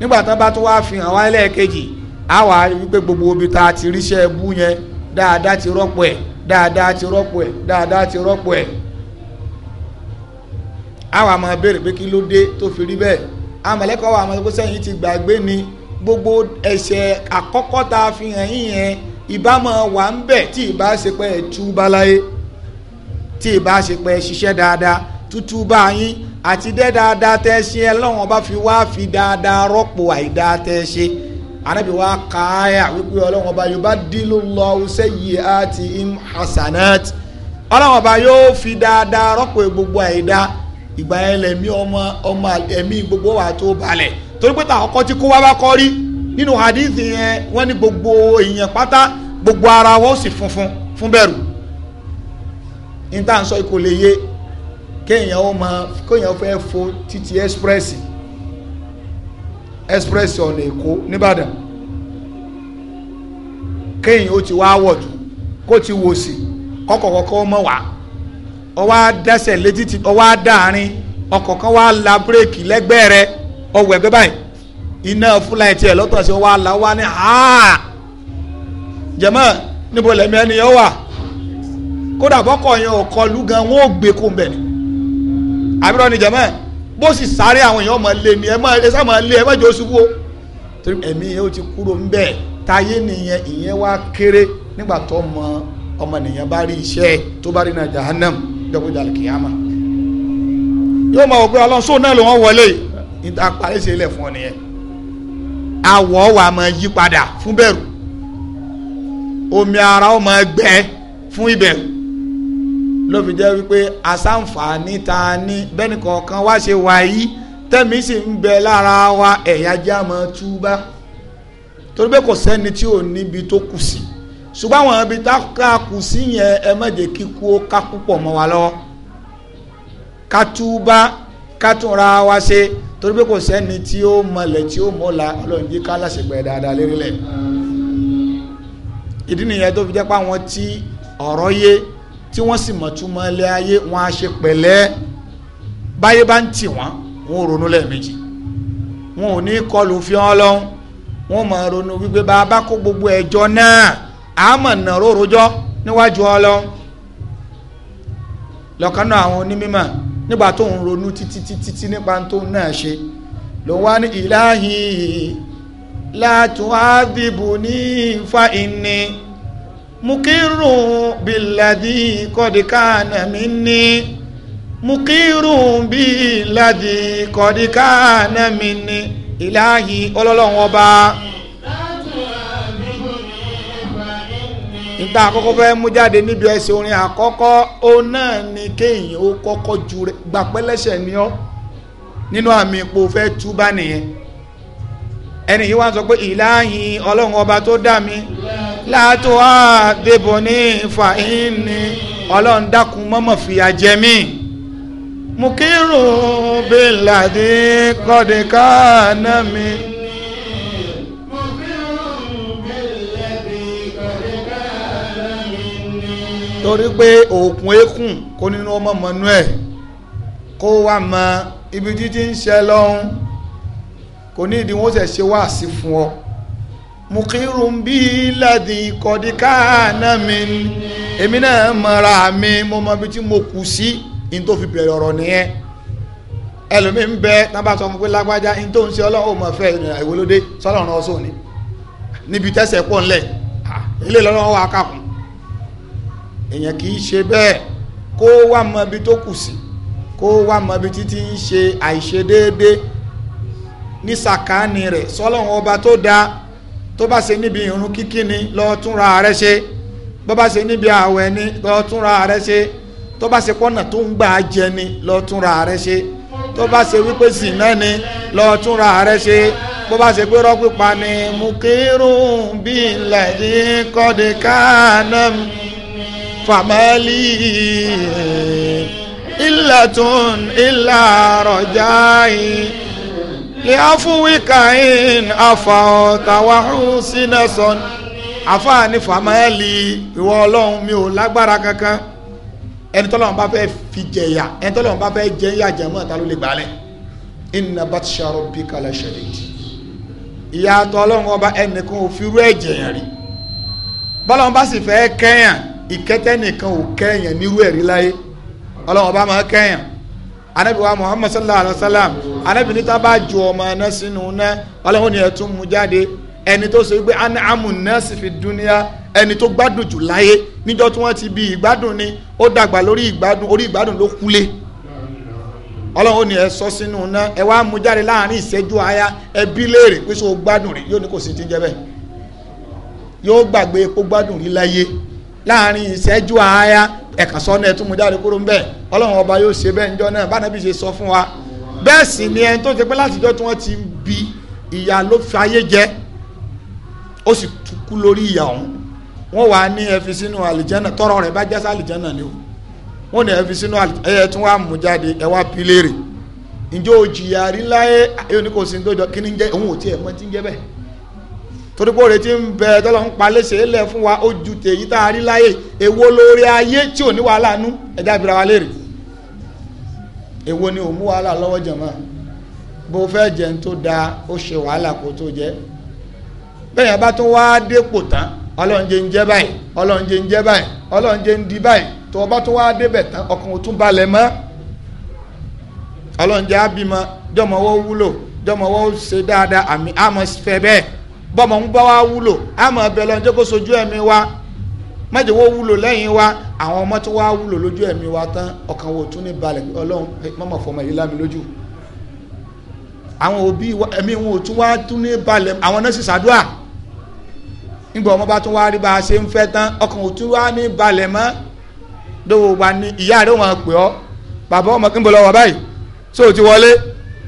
nígbà tán bá tún wá fi hàn wá lẹ́ẹ̀kejì á wà á wípé gbogbo ibi tá ti ríṣẹ́ bú yẹn dáadáa ti rọ́pò ẹ̀ dáadáa ti rọ́pò ẹ̀ dáadáa ti rọ́pò ẹ̀ àwa máa béèrè pé kí ló dé tó fi rí bẹ́ẹ̀ àwọn mọ̀lẹ́kọ̀ wa máa sọ pé sẹ́yìn ti gbàgbé ni gbogbo ẹ̀ṣẹ̀ àkọ́kọ́ tá a fi hàn yín yẹn ìbá máa wà ń bẹ̀ tí ìbá ṣe pé ẹ̀ tú balaye tí ìbá ṣe pé ẹ̀ ṣiṣẹ́ dáadáa tútú bá yín àti dẹ́ dáadáa tẹ́ ṣe ẹ lọ́wọ́n bá fi wá fi dáadáa rọ́pò àìdá tẹ́ ṣe anabi wa kaaya wípé ọlọ́run ọba yorùbá dìlú lọ ọ̀sẹ̀ yìí àti im hasanat ọlọ́run ọba yóò fi dáadáa rọ́pò gbogbo àìdá ìgbà yẹn lẹ̀mí ọmọ ọmọ ẹ̀mí gbogbo wa tó balẹ̀ torí pé tàkọ́kọ́ tí kó wá bá kọ́ rí nínú hadithi yẹn wọ́n ní gbogbo èèyàn pátá gbogbo ara wọn sì funfun fún bẹ̀rù níta ń sọ ikò lè yé kéèyàn ó máa kéèyàn fẹ́ fo títí express express ọ̀nà èkó nìbàdàn kéèyàn ó ti wá wọ̀dù kó ti wò sí kọ́kọ̀kọ́kọ́ mọ̀ wá. ọwọ́ dẹsẹ létí ọ ọwọ́ adáàrin ọkọ̀ kan wá la bírèkì rẹ báyìí iná fúláì tiẹ̀ lọ́tọ̀ sí wá ní háà jẹmọ níbo lẹ́mí ẹni yẹn wà kódà yẹn gan wọn ò gbé kó ni àbúrò ni bó sì sáré àwọn èèyàn ọmọ ni ẹ má ẹ lé ẹ má oṣù torí yẹn ó ti kúrò ń táyé nìyẹn ìyẹn wá kéré nígbà tó ọmọ nìyẹn bá jọ́gbọ́dọ̀ alikiyama yóò máa ògbé ọlọ́run sóun náà ló wọ́n wọlé níta parí ṣe ilẹ̀ fún ọ nìyẹn àwọ̀ wa máa yí padà fún bẹ̀rù omi ara ó máa gbẹ fún ìbẹ̀rù ló fi jẹ́ wípé asáǹfààní ta ni bẹ́ẹ̀ni kọ̀ọ̀kan wá ṣe wà yìí tẹ́mi sì ń bẹ lára wa ẹ̀yà jẹ́ túbá torí pé kò sẹ́ni tí ò níbi tó kù sí i ṣùgbọ́n àwọn ibi tá a kù sí yẹn ẹ má jẹ́ kíkú ó ká púpọ̀ mọ́ wa lọ́wọ́ ká túbá ká túnra wa ṣe torí pé kò sẹ́ni tí ó mọlẹ̀ tí ó mọ́la ọlọ́run yìí ká láṣẹgbẹ́ dáadáa lérílẹ̀ ìdí nìyẹn tó fi jẹ́ pé àwọn tí ọ̀rọ̀ yé tí wọ́n sì mọ̀túmọ̀ ilé ayé wọn á ṣe pẹ̀lẹ́ báyé bá ń tì wọ́n wọn ò ronú lẹ́ẹ̀mejì wọn ò ní kọlù fi hàn lọ́hún wọn mọ̀ ronú wípé bá a bá kó gbogbo ẹjọ́ náà àmọ̀ nàró rojọ́ níwájú ọlọ́ lọ́kàn náà àwọn onímọ̀ nígbà tó ń ronú títí títí nípa tó náà ṣe ló wá ní ìláhì látúwádìbò ní fa ìní mukiru biladi kọdikana mi ni mukiru biladi kọdikana mi ni ilahi ọlọ́lọ́wọ́n ọba. níta àkọ́kọ́ fẹ́ mú jáde níbi ẹsẹ̀ orin àkọ́kọ́ òun náà ni kéèyàn ó kọ́kọ́ ju gbàpẹ́lẹ́sẹ̀ ni ọ́ nínú àmì ipò fẹ́ túbá nìyẹn ẹni yìí wá sọ pé ìláhìn ọlọ́run ọba tó dá mi látò á débò ní fàáhìn ni ọlọ́run dákun mọ́mọ́ fìyà jẹ mí mú kírun bí ládé kọ́dé káà náà mi. torí pé òkun eékùn kó nínú ọmọ mọ́nú kó wá mọ ibi títí ń ṣe lọ́hún kò ní ìdí wọn ṣẹ̀ ṣe wá sí fún ọ mukiru bí ládì kọ̀díkà náà mi èmi náà mọ̀ra mi mo mọ ibi tí mo kù sí ní tó fi bẹ̀rẹ̀ ọ̀rọ̀ ní ni níbi tẹ́sẹ̀ pọ̀ ńlẹ̀ ilé wà kàkùn èèyàn kì í ṣe bẹ́ẹ̀ kó wá mọ ibi tó kù sí kó wá mọ ibi títí ń ṣe àìṣedéédé ní sàkáání rẹ̀ sọ́lọ́run ọba tó dáa tó bá ṣe níbi irun kíkí ni lọ́ọ́ túnra rẹ̀ ṣe bó bá ṣe níbi ààwẹ̀ ni lọ́ọ́ túnra rẹ̀ ṣe tó bá ṣe pọ́nà tó ń gbà jẹ ni lọ́ọ́ túnra rẹ̀ ṣe tó bá ṣe wípé zìnà ni lọ́ọ́ túnra rẹ̀ ṣe bó bá ṣe pé rọ́pípa ni mùkírùn bíi lẹ́yìn kọ́dé káànámù famali illatun illa rajai liafuwika in afaota wahusina son afaani famali ìwọ Ọlọ́run mi ò lágbára kankan ẹni tọ́lọ́run bá fẹ́ fi jẹyà ẹni tọ́lọ́run bá fẹ́ jẹyà jẹmọ́ ta ló lè gbà lẹ inna batsha rabbika la shadid ìyàtọ̀ Ọlọ́run ọba ẹnìkan ò rú ẹ̀jẹ̀ yẹn rí bọ́lọ́run bá sì fẹ́ kẹyàn ìkẹtẹ́nìkan ò kẹ́yàn nírú ẹ̀rí láyé ọlọ́run ọba máa kẹ́yàn anabi wa muhammad sallallahu alaihi wa sallam anabi níta bá ju ọmọ náà sínú náà ọlọ́run ni ẹ̀ tún mú jáde ẹni tó ṣe pé anamu nurse fi dunia ẹni tó gbádùn jù láyé níjọ́ tí wọ́n ti bí ìgbádùn ni ó dàgbà lórí ìgbádùn orí ìgbádùn ló kúlé ọlọ́run ni ẹ sọ sínú náà ẹ wá mú jáde láàrin ìṣẹ́jú aya ẹ bí léèrè pé ṣé gbádùn rí yóò ní kò sí ti jẹ́ bẹ́ẹ̀ yóò gbàgbé epo gbádùn rí láyé láàrin ìṣẹ́jú àáyá ẹ̀kan sọ́nà ẹ̀ jáde kúrò ń bẹ̀ ọlọ́run ọba yóò ṣe bẹ́ẹ̀ níjọ́ náà bánabi ṣe sọ fún wa bẹ́ẹ̀ sì ni ẹni tó ṣe pé tí wọ́n bi ìyà ló fi ayé jẹ ó sì kú lórí ìyà ọ̀hún wọ́n wà ní ẹ fi sínú àlìjẹ́nà tọrọ ni o wọ́n ní ẹ fi sínú ẹ tún mú jáde ẹ wá ǹjẹ́ òjìyà rí láyé ẹ torí pé òrètí ń bẹ tọ́lọ́ ń pa léṣe é lẹ̀ fún wa ju tèyí tá a rí láyè èwo lórí ayé tí ò ní wàhálà nú ẹ̀dá ni ò mú wàhálà lọ́wọ́ jẹ̀mọ́ bó fẹ́ jẹun tó dáa ó ṣe wàhálà kó tó jẹ bẹ́ẹ̀ yẹn bá tún wá dépò tán ọlọ́run ń jẹ́ báyìí ọlọ́run ń jẹ́ báyìí ọlọ́run ń di báyìí tó o bá bọ́mọ̀ ń bá wa wúlò àmọ́ ọbẹ̀ lọ́nà jẹ́ kó sojú ẹ̀mí wa mẹ́jọ wo wúlò lẹ́yìn wa àwọn ọmọ tí wàá wúlò lójú ẹ̀mí wa tán ọkàn wo tún ní balẹ̀ ọlọ́run mọ́mọ́ fọmọ yìí lámi lójú àwọn òbí ẹ̀mí wọn ò tún wá tún ní balẹ̀ àwọn náà sì ṣàdúrà nígbà ọmọ bá tún wá rí bá a ṣe ń fẹ́ tán ọkàn ò tún wá ní balẹ̀ mọ́ dòwò wa ní ìyá rẹ̀ wọn pè ọ́ bàbá ọmọ kí n bọ̀ lọ́wọ́ báyìí tó o ti wọlé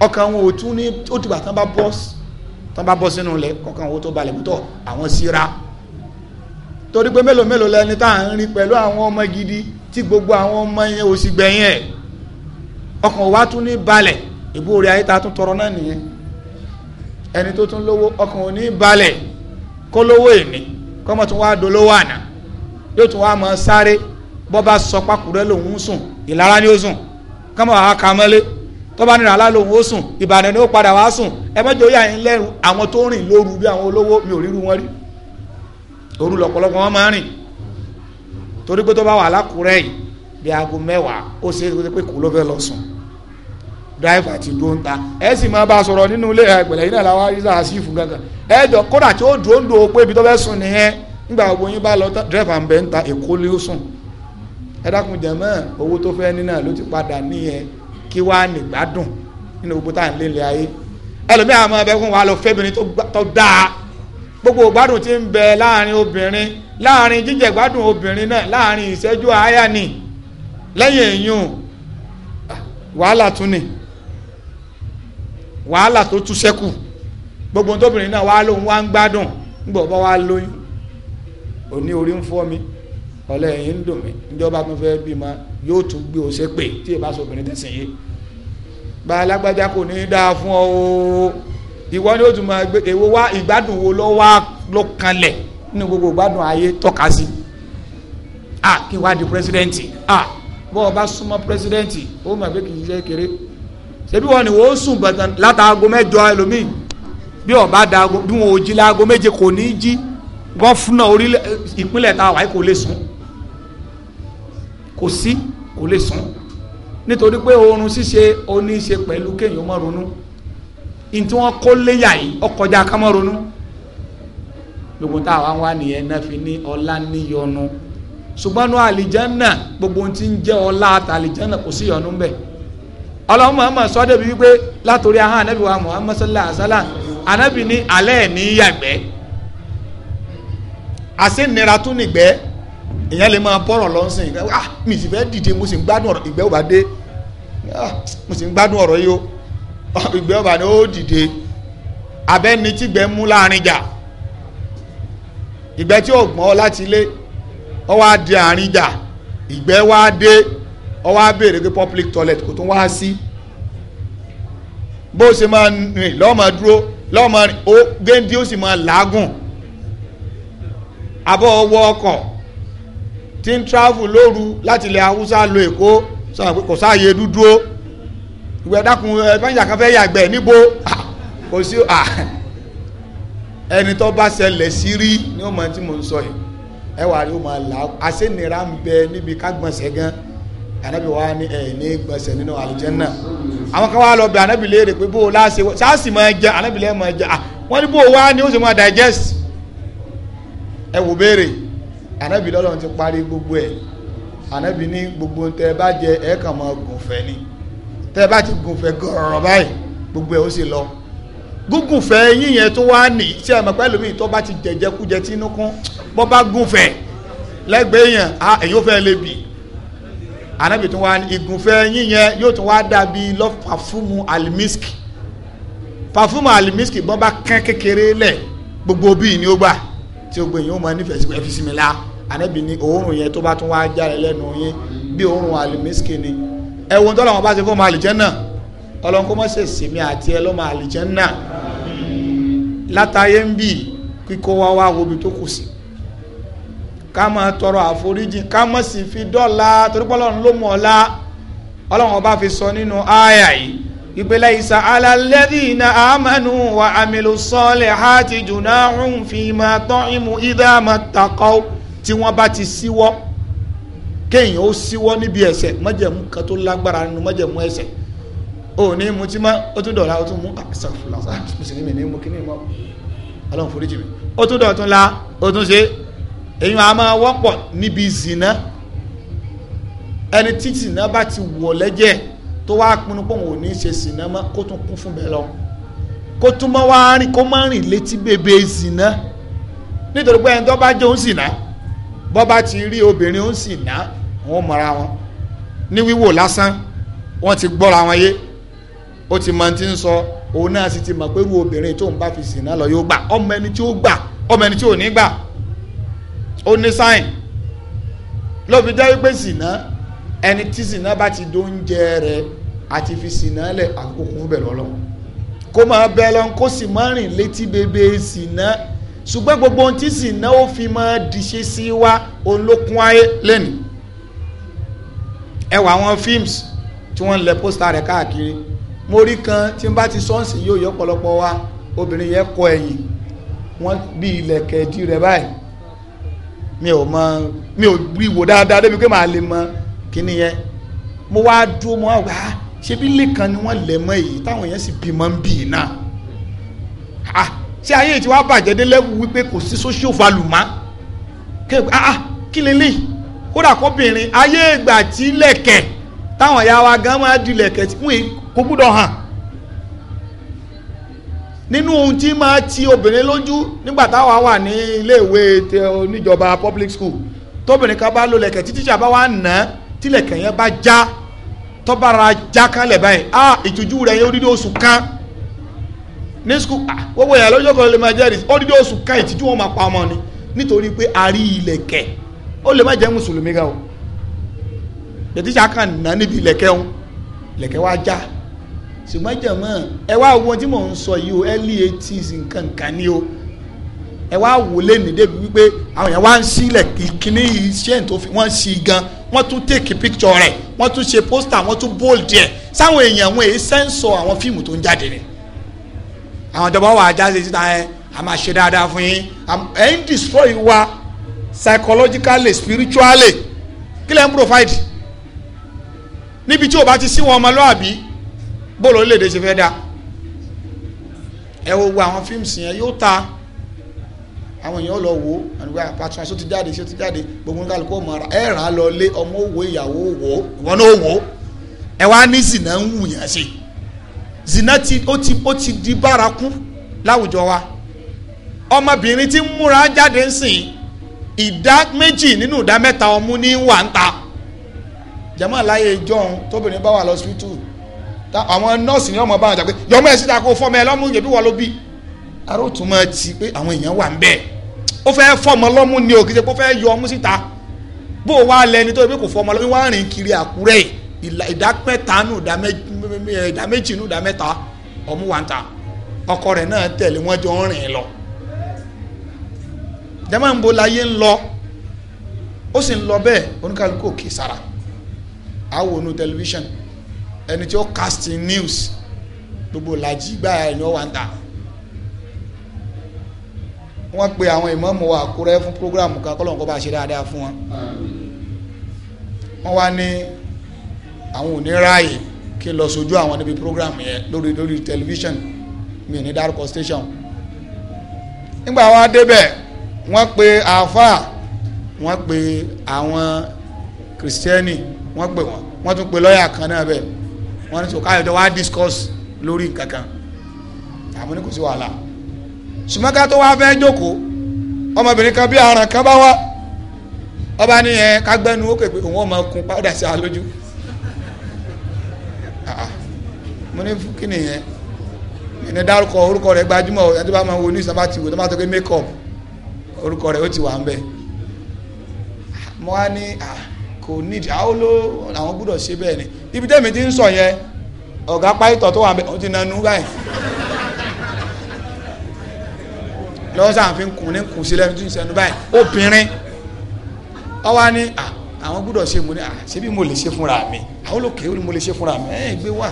ọkàn wọn ò tún ní ó ti bàtán bá bọ́ọ̀sì tán bá bọ́ sínú ilẹ̀ kọ̀ọ̀kan owó tó balẹ̀ pútọ̀ àwọn síra torí pé mélòó mélòó lẹni tá à ń rí pẹ̀lú àwọn ọmọ gidi tí gbogbo àwọn ọmọ yẹn ò sì gbẹ̀yìn ẹ̀ ọkàn wa tún ní balẹ̀ ìbú orí ayé ta tún tọrọ náà nìyẹn ẹni tó tún lówó ọkàn ò ní balẹ̀ kó lówó èmi kọ́mọ tún wá dolówó àná yóò tún wá mọ sáré bọ́ bá sọ pákúrẹ́ lòún sùn ìlara ni ó sùn kọ́mọ àá kà mọ́lé tọ́ba nira alálòhùn ó sùn ìbàdàn ni ó padà wá sùn ẹ mọ́jọ yà yín lẹ́rù àwọn tó rìn lóru bí àwọn olówó mi ò ríru wọn rí lọ̀pọ̀lọpọ̀ wọn máa rìn torí pé tó bá wà lákùrẹ́ yìí bí aago mẹ́wàá ó ṣe é pé kò ló fẹ́ lọ sùn dráìvà ti dúró ń ta ẹ sì máa bá a sọ̀rọ̀ nínú ilé ẹgbẹ̀lẹ̀ yìí náà làwọn arísà àṣìfù gángan ẹ jọ kódà tí ó pé ibi bá lọ dráìvà ń bẹ ń ta èkó sùn ẹ dákun owó tó fẹ́ kí wàá nìgbádùn nínú gbogbo tá à ń lé ilé ayé àmọ́ fún wa lọ fẹ́bìnrin tó dáa gbogbo gbádùn ti ń bẹ láàrin obìnrin láàrin jíjẹ gbádùn obìnrin náà láàrin ìṣẹ́jú àáyá ni lẹ́yìn èèyàn wàhálà tún ni wàhálà tó gbogbo tóbìnrin náà wàá lóun wá ń gbádùn bá wàá lóyún òní orí yóò tún gbé o ṣe pé tí ìbá sọ̀bìnrin tẹ̀sán yé bá alágbájá kò ní í dáa fún ọ o ìwọ ni ó tún máa gbé èwo wá ìgbádùn wo ló wá ló kanlẹ̀ nínú gbogbo ìgbádùn ayé tọ́ka sí a kí wá di pírẹsidẹ́ǹtì a bọ́ ọ bá súnmọ́ pírẹsidẹ́ǹtì ó mà pé kì í ṣe kéré ṣebí wọn ni wọn ó sùn bàtàn látàgò mẹ́jọ ẹlòmíì bí ọba dago bí wọn ò jí láago méje kò ní í jí gọ́fúnà orílẹ̀ ìpínlẹ̀ tá a wáyé kò lè sùn kò sí. Si kò lè sùn nítorí pé oorun ṣíṣe ó ní í ṣe pẹ̀lú kéèyàn má ronú ntí wọn kó léyà yìí ọkọjá ká má ronú gbogbo táwa wá nìyẹn náà fi ní ọlá níyọnu ṣùgbọ́n ní àlìjánà gbogbo ti ń jẹ́ ọlá àtàlìjánà kò sí ìyọnu bẹ́ẹ̀ ọlọ́run muhammad sọ débi wípé látòrí ahọ́n anabi wa muhammad sallallahu alayhi wa sallam anabi ní alẹ́ níyàgbẹ́ àṣẹ nira tún nìgbẹ́ èèyàn lè máa bọ́rọ̀ lọ́sìn ìgbà ah mi sì fẹ́ dìde mo sì ń gbádùn ọ̀rọ̀ ìgbẹ́ òbá dé ah mo sì ń gbádùn ọ̀rọ̀ yìí o ah, ìgbẹ́ òbá ni ó dìde abẹ́ni tìgbẹ́ mú láàrin jà ìgbẹ́ tí ò gbọ́n láti ilé ọ wá di àárín jà ìgbẹ́ wá dé ọ wá béèrè pé public toilet kò tún wá sí bó ṣe máa rìn lọ́mọ dúró lọ́mọ rìn ó gbéńdé ó sì máa làágùn abọ́ ọwọ́ ọkọ̀ tí ń travel lóru láti ilẹ̀ haúsá lọ èkó kò sáàyè dúdú ó ìgbẹ́ dákun ẹ̀fẹ́njà kan fẹ́ yàgbẹ́ níbo kò sí ẹni tó bá ṣẹlẹ̀ sí rí ní ọmọ tí mo ń sọ yìí ẹwà rí ó máa là á àṣẹnira ń bẹ níbi ká gbọ̀nsẹ̀ gan ànábì wa ní ẹ̀ ní gbọ̀nsẹ̀ nínú àlùjànnà àwọn kan wá lọ bẹ ànábì léèrè pé bó o láṣẹ sáàsì máa jẹ ànábì lẹ́ẹ̀ máa jẹ wọ́n ní bó o wá ní ó sì máa digest ẹ wò béèrè ànábì lọ́lọ́run ti parí gbogbo ẹ̀ ànábì ní gbogbo tẹ́ bá jẹ ẹ̀ kàn mọ́ gùnfẹ́ ni tẹ́ bá ti gùnfẹ́ gọ̀ọ̀rọ̀ báyìí gbogbo ẹ̀ ó sì lọ gúngùnfẹ́ yíyẹn tó wá nì tí a mọ̀ pé lómi ìtọ́ bá ti jẹjẹkújẹ tí inú kún bọ́ bá gúnfẹ́ lẹ́gbẹ̀ẹ́ yẹn a èyí ó fẹ́ lè bì ànábì tó wá ní ìgúnfẹ́ yíyẹn yóò tó wá dàbí lọ́ pàfúmù alimiski pàfúmù alimiski bọ́ bá kán kékeré lẹ̀ gbogbo bíi ni ó gbà tí gbogbo èèyàn ó máa nífẹ̀ẹ́ sí ẹ̀fí sinmi la ànábì ni òórùn yẹn tó bá tún wá jáde lẹ́nu yín bí òórùn àlùmísìkì ni ẹ̀wọ̀n tọ́lọ̀ wọn bá ṣe fún ọmọ àlìjẹ́nà ọlọ́run kó mọ̀ ṣe sèmi àti ẹ lọ́mọ àlìjẹ́nà látàyé ń bì kíkó wá wá wobi tó kù sí ká máa tọrọ àforíjì ká mọ̀ sì fi dọ́là torípọ́lọ́run ló mọ̀ ọ́lá ọlọ́run ọba fi sọ nínú ááyà yìí ìpele ìsà alálẹ́dìínà àmánu wà àmìlú sọ́ọ̀lẹ̀ àti jùnáhùn fìmà tọ́ìmù ìdáàmà takọ́ tí wọ́n bá ti síwọ́ kéèyàn ó síwọ́ níbi ẹ̀ṣẹ̀ májẹ̀mú kan tó lágbára nínú májẹ̀mú ẹ̀ṣẹ̀ ò ní mu tí má ó tún dọ̀la ó tún mú àṣàfùlà mùsùlùmí ní mú kíní mọ́ ọlọ́run foríjì mi ó tún dọ̀tún la ó tún ṣe èyí wọn a máa wọ́pọ̀ níbi zìnà ẹni tí zìnà bá ti wọ̀ lẹ́jẹ̀ẹ́ tó wá pinnu pé òun ò ní ṣe sìnà mọ́ kó tún kún fún bẹ́ẹ̀ lọ kó tún mọ́ wá rìn kó má rìn létí bèbè sìnà nítorí pé ẹni tó bá jẹ́ òun sìnà bọ́ bá ti rí obìnrin òun sìnà òun mọ̀ra wọn ní wíwò lásán wọ́n ti gbọ́ra wọn yé ó ti mọ ti ń sọ òun náà sì ti mọ̀ pé irú obìnrin tóun bá fi sìnà lọ yóò gbà ọmọ ẹni tí ó gbà ọmọ ẹni tí ò ní gbà ó ní sáìn ló fi jẹ́ wípé sìnà ẹni tí sìnà bá ti dóúnjẹ rẹ̀ àti fi sìnà lẹ̀ àkókò fún bẹ̀ lọ́lọ́ kó máa bẹ lọ kó sì má rìn létí bèbè sìnà ṣùgbọ́n gbogbo ohun tí sìnà ó fi máa dìṣe sí wa olókun ayé lẹ́nu ẹ wà àwọn films tí wọ́n ń lẹ̀ pósítà rẹ̀ káàkiri mo rí kan tí n bá ti sọ́ọ̀sì yóò yọ ọ̀pọ̀lọpọ̀ wa obìnrin yẹn kọ ẹ̀yìn wọ́n bí ilẹ̀kẹ̀ dí báyìí mi ò mọ mi ò rí dáadáa débi pé màá lè mọ kíni yẹn mo wá dúró mo wá ni wọ́n lẹ̀ mọ́ èyí táwọn yẹn sì bímọ ń bì í náà à ṣé ayé ti wàá bàjẹ́ wípé kò sí social value mọ́ kí ah kí lélẹ́yìí kódà kóbìnrin ayé ìgbà tí lẹ̀kẹ̀ táwọn wa gan máa di lẹ̀kẹ̀ tí wọ́n kò gbúdọ̀ hàn nínú ohun tí máa ti obìnrin lójú nígbà public school tóbìnrin kan bá lò lẹ̀kẹ̀ tí bá tilẹ̀kẹ̀ yẹn bá já tọ́bára já kálẹ̀ báyìí a ìtújú rẹ̀ yẹn odidi oṣù kan ní sukù gbogbo ìyá lọ́jọ́ kan lè máa jẹ́rìí odidi oṣù kan ìtújú wọn máa pa ọmọ ni nítorí pé a rí ilẹ̀kẹ̀ ó lè má jẹ́ mùsùlùmí gan o yẹtíṣà kan nà níbi ilẹ̀kẹ̀ ń ilẹ̀kẹ̀ wá já ṣùgbọ́n jẹ̀mọ́ ẹ wá wo ohun tí mò ń sọ yìí o early eighties nǹkan nǹkan ni o ẹ wá wò lẹ́nu débi wípé àwọn yẹn wá ń sílẹ̀ kíní iṣẹ́ tó fi wọ́n sí gan wọ́n tún take picture rẹ̀ wọ́n tún ṣe poster wọ́n tún bold ẹ̀ sáwọn èèyàn wọn èyí sẹ́ńsọ̀ àwọn fíìmù tó ń jáde ni àwọn ìjọba wà á jáde síta ẹ a máa ṣe dáadáa fún yín ẹ ń destroy wa psychologically spiritually kí lẹ́ ń provide níbi tí o bá ti sí wọn ọmọlúwàbí bóòlù orílẹ̀-èdè ṣe fẹ́ dáa ẹ wo gbogbo àwọn fíìmù sí yẹn yóò ta àwọn èèyàn lọ wò ànúgbà ah, patron sọ ti jáde sọ ti jáde gbogbo nǹkan kó mọ ara ẹ ràn án lọ lé ọmọ òwò ìyàwó wò ìwọ náà wò ẹ wá ní zina ń wù yàn sí zina ti ó ti ó ti di bárakú láwùjọ wa ọmọbìnrin tí ń múra jáde ń sìn ìdá méjì nínú ìdá mẹ́ta ọmú ní wà ń ta jama láyé john tóbìnrin bá wà lọ́sítútù àwọn nọ́ọ̀sì ni ọmọ bá wọn jà pé yọmọ ẹ̀ síta kó fọmọ ẹ lọ́mú yẹbi wọ́n ló bí arótùmọ̀ ti pé àwọn èèyàn wà ń bẹ́ẹ̀ ó fẹ́ fọmọ lọ́mú ni o kì í ṣe pé ó fẹ́ yọ ọmú síta bó o wá lẹni tó ebi kò fọmọ lọ́mú wá rìn kiri àkúrẹ́ ìdá mẹ́ta nù ìdá méjì nù ìdá mẹ́ta ọmú wa ń ta ọkọ rẹ̀ náà tẹ̀lé wọ́n jọ ń rìn lọ jama ń bo láyé ń lọ ó sì ń lọ bẹ́ẹ̀ oníkálukú òkè sára àwọn onú tẹlifíṣàn ẹni tí ó casting news gbogbo làjí gbáà ẹ̀ ni ó wà ń ta wọ́n pe àwọn ìmáàmù wa Àkúrẹ́ fún programu kan kọ́lọ́n kó bá ṣe dáadáa fún wọn wọ́n wá ní àwọn ò ní ráàyè kí n lọ sojú àwọn níbi programu yẹn lórí lórí tẹlifíṣàn mi ní dárúkọ station nígbà wá débẹ̀ wọ́n pe àáfàá wọ́n pe àwọn kìrìsìtẹ́nì wọ́n pe wọ́n wọ́n tún pe lọ́ọ̀yà kan náà bẹ́ẹ̀ wọ́n ní sọ káyọ̀dọ̀ wá discuss lórí kankan àmọ́ ní kò sí wàhálà sumaka ká tó wá fẹ́ jókòó ọmọbìnrin kan bí aràn kan bá wá ọba ní ẹ ó képe òun ọmọ kun pàdà sí alójú ah, mo ní fún kí nìyẹn ẹni dárúkọ orúkọ rẹ̀ gbajúmọ̀ ẹni tó bá máa wo ní ìsọba ti wò tó bá tó ké makeup orúkọ rẹ̀ ó ti wà ń bẹ mo wá ní kò nídìí àwọn ló àwọn gbúdọ̀ ṣe bẹ́ẹ̀ ni ibi tẹ́mi ti ń sọ yẹn lọ́wọ́ sáà fi ń kùn ní kùn sí lẹ́nu tún sẹ́nu báyìí obìnrin ọwọ́ ni àwọn gbọ́dọ̀ ṣe mo ní ṣebí mo lè ṣe fúnra mi àwọn olókè mo lè ṣe fúnra mi ẹ̀ gbé wá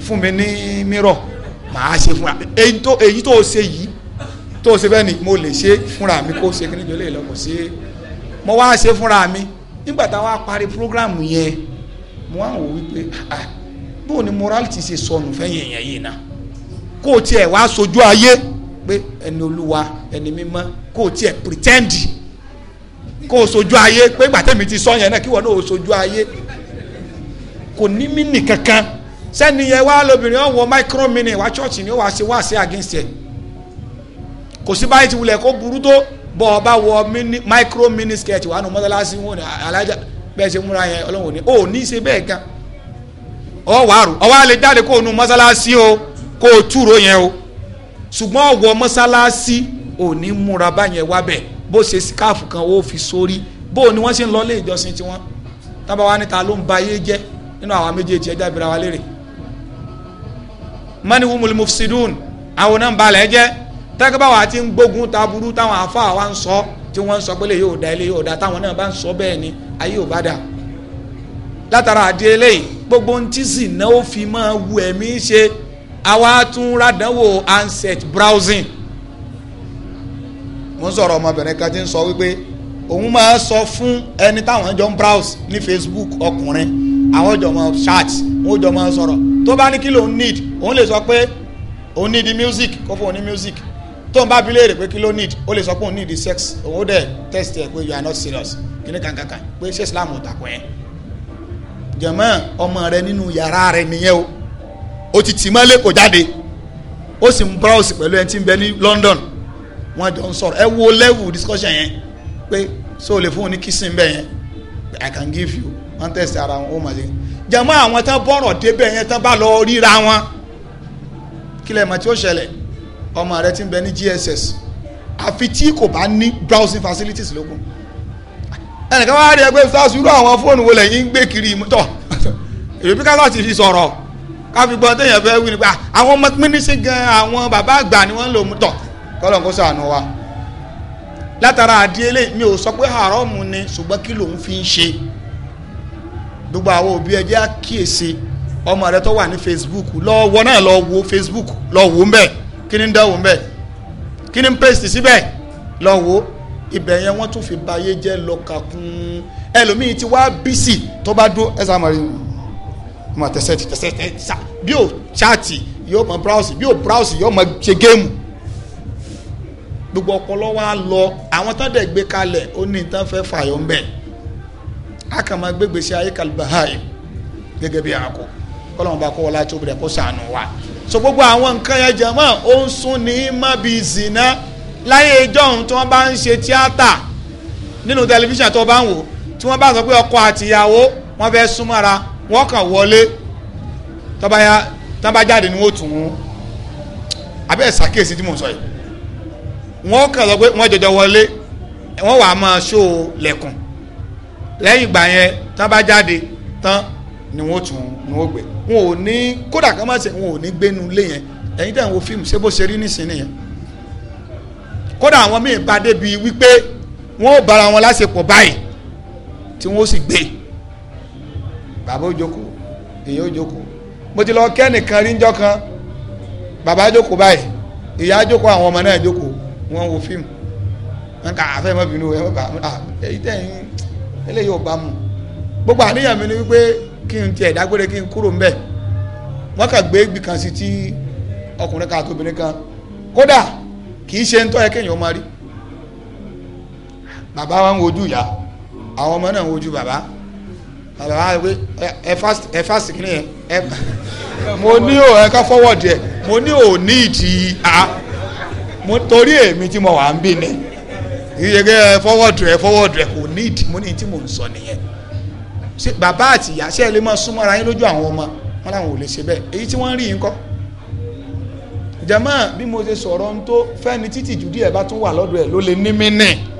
fún mi ní mírọ̀ màá ṣe fúnra mi èyí tó ṣe yìí tó ṣe bẹ́ẹ̀ ni mo lè ṣe fúnra mi kó ṣe kíní jọlẹ́ ìlọ́kọ̀ ṣe mo wá ṣe fúnra mi nígbà táwa parí programu yẹn mo wá wò wípé bóun ni morality ṣe sọnù fẹ́yìn èèyàn yìí náà kó o tiẹ̀ wá sojú ayé. pé ẹni olúwa ẹni mímọ́ kó o tiẹ̀ pretend kó o sojú ayé pé ìgbà mi ti sọ yẹn náà kí wọ́n o sojú ayé kò ní mini kankan sẹ́ni yẹn wá lóbìnrin ọ̀ wọ micro mini wá church ni ó wá ṣe wá against ẹ̀ kò sí báyìí ti wulẹ̀ kó burú tó bọ̀ wọ micro mini skirt wà nù mọ́tàlásí wọn ni alájà bẹ́ẹ̀ ṣe múra yẹn ní ṣùgbọ́n ọ̀wọ́ mọ́sálásí ò ní múra báyẹn wábẹ̀ bó ṣe skáàfù kan ó fi sórí bó ni wọ́n ṣe ń lọ ilé ìjọsìn tiwọn tábà wá níta ló ń ba ayé jẹ́ nínú àwọn méjèèjì ẹja ìbíra wa lérè mani wumuli mufsidun àwọn náà ń balẹ̀ jẹ́ tẹ́gbẹ́ wa ti ń gbógun taburú táwọn afa wa ń sọ tí wọ́n ń sọ pé lè yóò da ilé yóò da táwọn náà bá ń sọ bẹ́ẹ̀ ni ayé ò bá dà látara àdéhélé gbogbo ń sì náà ó fi máa wù ẹ̀mí ṣe àwa tún ràdánwò handset browsing mo ń sọ̀rọ̀ ọmọbìnrin kan tí ń sọ wípé òun máa sọ fún ẹni táwọn jọ ń browse ní Facebook ọkùnrin àwọn jọ máa chat wọn jọ máa sọ̀rọ̀ tó bá ní kí lòun need òun lè sọ pé òun need music kó fún òun ní music tó ń bá bi léèrè pé kí ló need ó lè sọ pé òun need sex òun ó dẹ̀ test ẹ̀ pé you are not serious kíní kankankan pé ṣé Islam ò takò ẹ́ jẹ̀mọ́ ọmọ rẹ nínú yàrá rẹ nìyẹn o ó ti tì mọ́lé kò jáde ó sì ń browse pẹ̀lú ẹni tí ń bẹ ní London wọ́n jọ ń sọ̀rọ̀ ẹ wo level discussion yẹn pé so lè fún un ní kissing bẹ́ẹ̀ yẹn I can give you wọ́n tẹ̀sí ara wọn ó mà lé jẹ̀mọ́ àwọn tán bọ̀rọ̀ débẹ̀ yẹn tán bá lọ ríra wọn kílẹ̀ mọ̀ tí ó ṣẹlẹ̀ ọmọ rẹ ti ń bẹ ní GSS àfi tí kò bá ní browsing facilities lókun ẹnìkan wá rí ẹgbẹ́ sars irú àwọn fóònù wo lẹ́yìn ń gbé kiri tọ̀ èrè bí ká láti fi sọ̀rọ̀ káfí gbọ́ téèyàn fẹ́ wí ni pé ah, àwọn ọmọ mínísí gan àwọn bàbá àgbà ni wọ́n lò mú tọ̀ kọ́lọ̀ kó sànù wa látara àdíyelé mi ò sọ pé haramu ni ṣùgbọ́n kí lòun fi ń ṣe gbogbo àwọn òbí ẹjẹ́ àkíyèsí ọmọ rẹ tó wà ní Facebook lọ wọ náà lọ wo Facebook lọ wò ń bẹ̀ kí ni ń dánwò ń bẹ̀ kí ni ń paste síbẹ̀ lọ wò ibẹ̀ yẹn wọ́n tún fi bayé jẹ́ lọ́ka kún ẹlòmíì tí wàá bísì tó bá dún ẹ̀sán mọ̀rin mọ tẹsẹ tẹsẹ sa bí o chaati yóò mọ browse bí o browse yóò mọ ṣe géèmù gbogbo ọpọlọ wa lọ àwọn tó dẹ̀ gbé kalẹ̀ ó ní tán fẹ́ fàyọ̀ ń bẹ̀ a kàn máa gbégbé sí ayé kalibahai gẹ́gẹ́ bí àkó kọ́lọ́mù bá kọ́ wọlé àti obìnrin kó sànù wa so gbogbo àwọn nǹkan yẹn jẹ mọ́ ó ń sún ní má bí zina láyé ìjọ́hun tí wọ́n bá ń ṣe tíátà nínú tẹlifíṣàn tó bá ń wò tí wọ́n bá sọ pé ọkọ àtìyàwó wọ́n fẹ́ súnmọ́ra wọ́n kàn wọlé tọ́ba ya ni wọ́n tún un abẹ́ ṣàkíyèsí tí mò ń sọ yìí wọ́n kàn lọ pé wọ́n jọjọ wọlé wọ́n wàá máa ṣó lẹ̀kùn lẹ́yìn ìgbà yẹn tọ́ba tán ni wọ́n tún ni wọ́n gbé wọn ò ní kódà kan má ṣe wọn ò ní gbénu lé yẹn ẹ̀yin tẹ̀ ń wo fíìmù ṣé bó ṣe rí nísìnyí yẹn kódà àwọn míì bá débi wípé wọn ò bára wọn láṣepọ̀ báyìí tí wọn ó sì gbé e bàbá òjòkó ìyá òjòkó mo ti lọ kẹ́nìkan rí njọ́ kan bàbá jókòó báyìí ìyá jókòó àwọn ọmọ náà jókòó wọ́n wo fíìmù wọn kà àfẹ́ mọ́ bínú ẹ mọ́ bá ah, èyí tẹ̀yìn eléyìí ò bá mu gbogbo àníyàn mi ni wípé kí n tiẹ̀ dágbére kí n kúrò ń bẹ̀ wọ́n kà kan sí ti ọkùnrin kan àti obìnrin kan kódà kì í ṣe ń tọ́ ẹ kéèyàn máa rí bàbá wa àlàyé wí ẹ fásitì kìnìyẹn ẹ mo ní o ẹ ká fọwọ́dì ẹ mo ní o ní ìdí a mo torí èmi tí mo wà ń bí ni ìyẹ́gẹ́ ẹ fọwọ́dì ẹ fọwọ́dì ẹ kò ní ìdí mo ní ìdí mo ń sọ nìyẹn ṣe bàbá àti ìyá ṣe máa súnmọ́ ara yín lójú àwọn ọmọ wọn làwọn ò lè ṣe bẹ́ẹ̀ èyí tí wọ́n rí yín kọ́ jama bí mo ṣe sọ̀rọ̀ ń tó fẹ́ni títí jù díẹ̀ bá tún wà lọ́dọ̀ ẹ̀ ló lè ní mí nìyẹn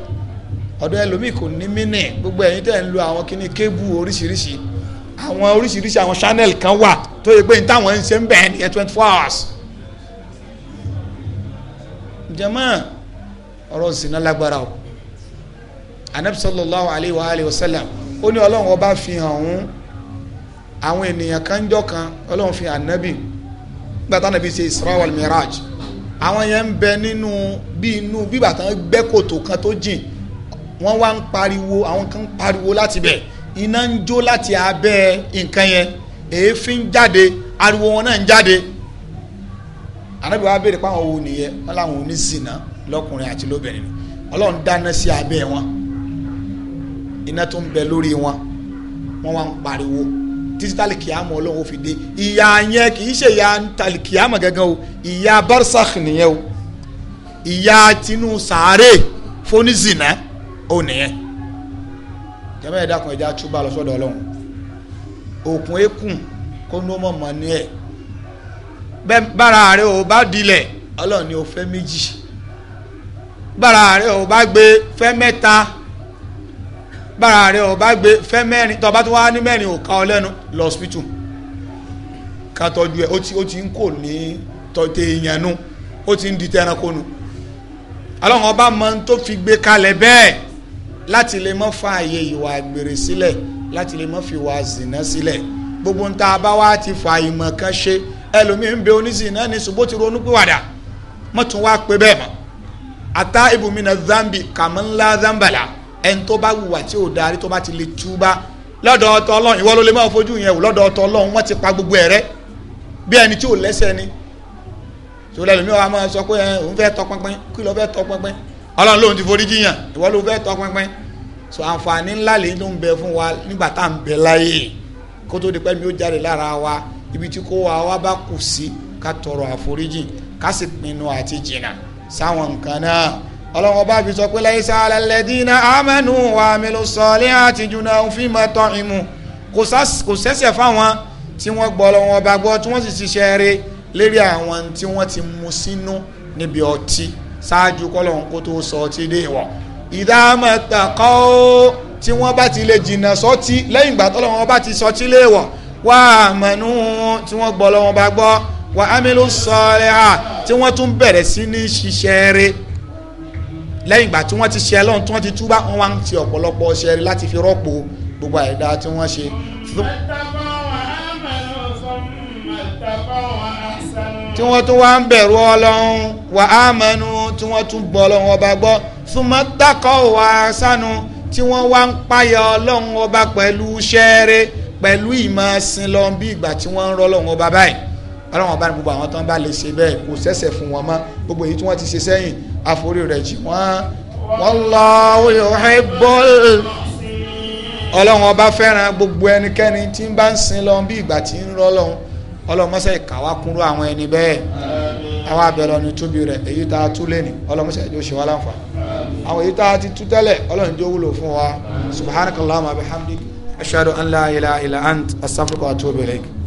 ọ̀dọ̀ ẹlòmíì kò ní mínì gbogbo ẹ̀yin tẹ̀ ń lo àwọn kíní kébù oríṣiríṣi àwọn oríṣiríṣi àwọn channel kan wà tó yẹ pé táwọn ń ṣe ń bẹ̀ẹ́ nìyẹn twenty four hours. jama ọ̀rọ̀ ṣìnà lágbára o anabi sallallahu alayhi wa alayhi wa sallam ó ní ọlọ́run ọba fi hàn òun àwọn ènìyàn kan jọ kan ọlọ́run fi anabi gbàtà anabi ṣe isra wal miraj àwọn yẹn ń bẹ nínú bí inú bí bàtà gbẹ́ kòtò kan tó jìn wọ́n wá ń pariwo àwọn kan ń pariwo láti bẹ̀ iná ń jó láti abẹ́ nǹkan yẹn èéfín jáde ariwo wọn náà ń jáde wa béèrè páwọn wo nìyẹn wọn làwọn ò ní zina lọkùnrin àti lóbìnrin ọlọ́run dáná sí abẹ́ wọn iná tó ń bẹ lórí wọn wọn wá ń pariwo títí tálíkìámọ̀ ọlọ́run fi dé ìyá yẹn kì í ṣe ìyá o ìyá barsakh nìyẹn o ìyá sàárè ó nìyẹn jẹ́mọ́ ẹ̀dá kan ẹ̀dá túbà lọ́sọ̀dọ̀ ọlọ́run òkun ekun kó ní ó mọ̀ mọ́ ní bára rẹ bá dilẹ̀ ọlọ́run ni o fẹ́ méjì bára rẹ ò bá gbé fẹ́ mẹta bára rẹ ò bá gbé fẹ́ mẹrin tọba tó wá ní mẹrin ò ká ọ lẹ́nu lọ hospital ká ti ń kò ní tọ́tẹ̀ èèyàn nu ti ń di tẹ́ranko nu ọba mọ̀ tó fi gbé kalẹ̀ bẹ́ẹ̀ láti lè mọ́ fa àyè ìwà àgbèrè sílẹ̀ láti lè mọ́ fi wà zìnà sílẹ̀ gbogbo ń ta bá wá ti fa ìmọ̀ kan ṣe ẹlòmíín bẹ oníṣìnà ní ṣùgbọ́n ti ronú pìwàdà mọ́ tún wá pé bẹ́ẹ̀ mọ́ ata ibùmínà zambi kàmú zambala ẹni tó bá wùwà tí ò darí tó bá ti lè túbá lọ́dọ̀ ọ̀tọ̀ ọlọ́run ìwọ ló lè máa fojú yẹn wò lọ́dọ̀ ọ̀tọ̀ ọlọ́run wọ́n ti pa gbogbo ẹ̀rẹ́ bí ẹni tí ò lẹ́sẹ̀ ni ṣòlẹ́lòmíì wa máa sọ pé òun fẹ́ tọpinpin kí ló fẹ́ tọpinpin ọlọ́run lòun ti forí jiyàn ìwọ ló fẹ́ tọpinpin so àǹfààní ńlá lèyí ló ń bẹ fún wa nígbà tá à ń bẹ láyé kó tó di pẹ́ mi ó jáde lára wa ibi tí kó wa wá bá kù sí ká tọrọ àforíjì ká sì pinnu àti jìnnà sáwọn nǹkan náà ọlọ́run ọba fi sọ pé láyé sáálẹ̀ lẹ́dínà amẹ́nu wa mélòó sọ̀lẹ́ àtijúná òfin mẹ́tọ́ ìmú kò sẹ́sẹ̀ fáwọn tí wọ́n gbọ́ ọlọ́run ọba gbọ́ tí wọ́n sì ṣiṣẹ́ rere lérí àwọn tí wọ́n ti mu sínú níbi ọtí ṣáájú kọ́lọ̀ ń kó tó sọ ọtí dé ìwọ̀ ìdáàmọ̀ tàkọ́ tí wọ́n bá ti lè jìnnà sọ́tí lẹ́yìn ìgbà tọ́lọ́ wọn bá ti sọtí lé ìwọ̀ wá àmọ̀nú tí wọ́n gbọ́ lọ́wọ́ bá gbọ́ wà ámìlú sọ̀rẹ́ à tí wọ́n tún bẹ̀rẹ̀ sí ní ṣiṣẹ́ rẹ̀ lẹ́yìn ìgbà tí wọ́n ti ṣe lọ́n tí wọ́n ti túbá wọn wá ń ti ọ̀pọ̀lọpọ̀ ṣe láti fi rọ́pò gbogbo àìdá tí wọ́n ṣe. tí wọ́n tún wá ń bẹ̀rù ọlọ́run wà á mẹ́nu tí wọ́n tún bọ̀ ọlọ́run ọba gbọ́ súnmọ́ dákọ̀ wà á sánú tí wọ́n wá ń páyà ọlọ́run ọba pẹ̀lú ṣẹ́ẹ́rẹ́ pẹ̀lú ìmọ̀ sin lọ bí ìgbà tí wọ́n ń rọ́ ọlọ́run ọba báyìí ọlọ́run ọba ní gbogbo àwọn tó ń bá lè ṣe bẹ́ẹ̀ kò sẹ́sẹ̀ fún wọn mọ́ gbogbo èyí tí wọ́n ti ṣe sẹ́yìn àforí rẹ̀ jì wọ́n. ọlọ́run ọba fẹ́ràn gbogbo ẹnikẹ́ni tí ń bá ń sin lọ bí ìgbà tí ń rọ́ ọlọ́run ọlọmọsẹ ìkàwá kúrú àwọn ẹni bẹ́ẹ̀ àwọn abẹrẹ ọni túbi rẹ èyí tá a tú lẹni ọlọmọsẹ ìjọ ṣe wá láǹfà àwọn èyí tá a ti tú tẹ́lẹ̀ Ọlọ́run jọ wúlò fún wa subhanakallahumma wa bihamdik ashhadu an la ilaha illa ant astaghfiruka wa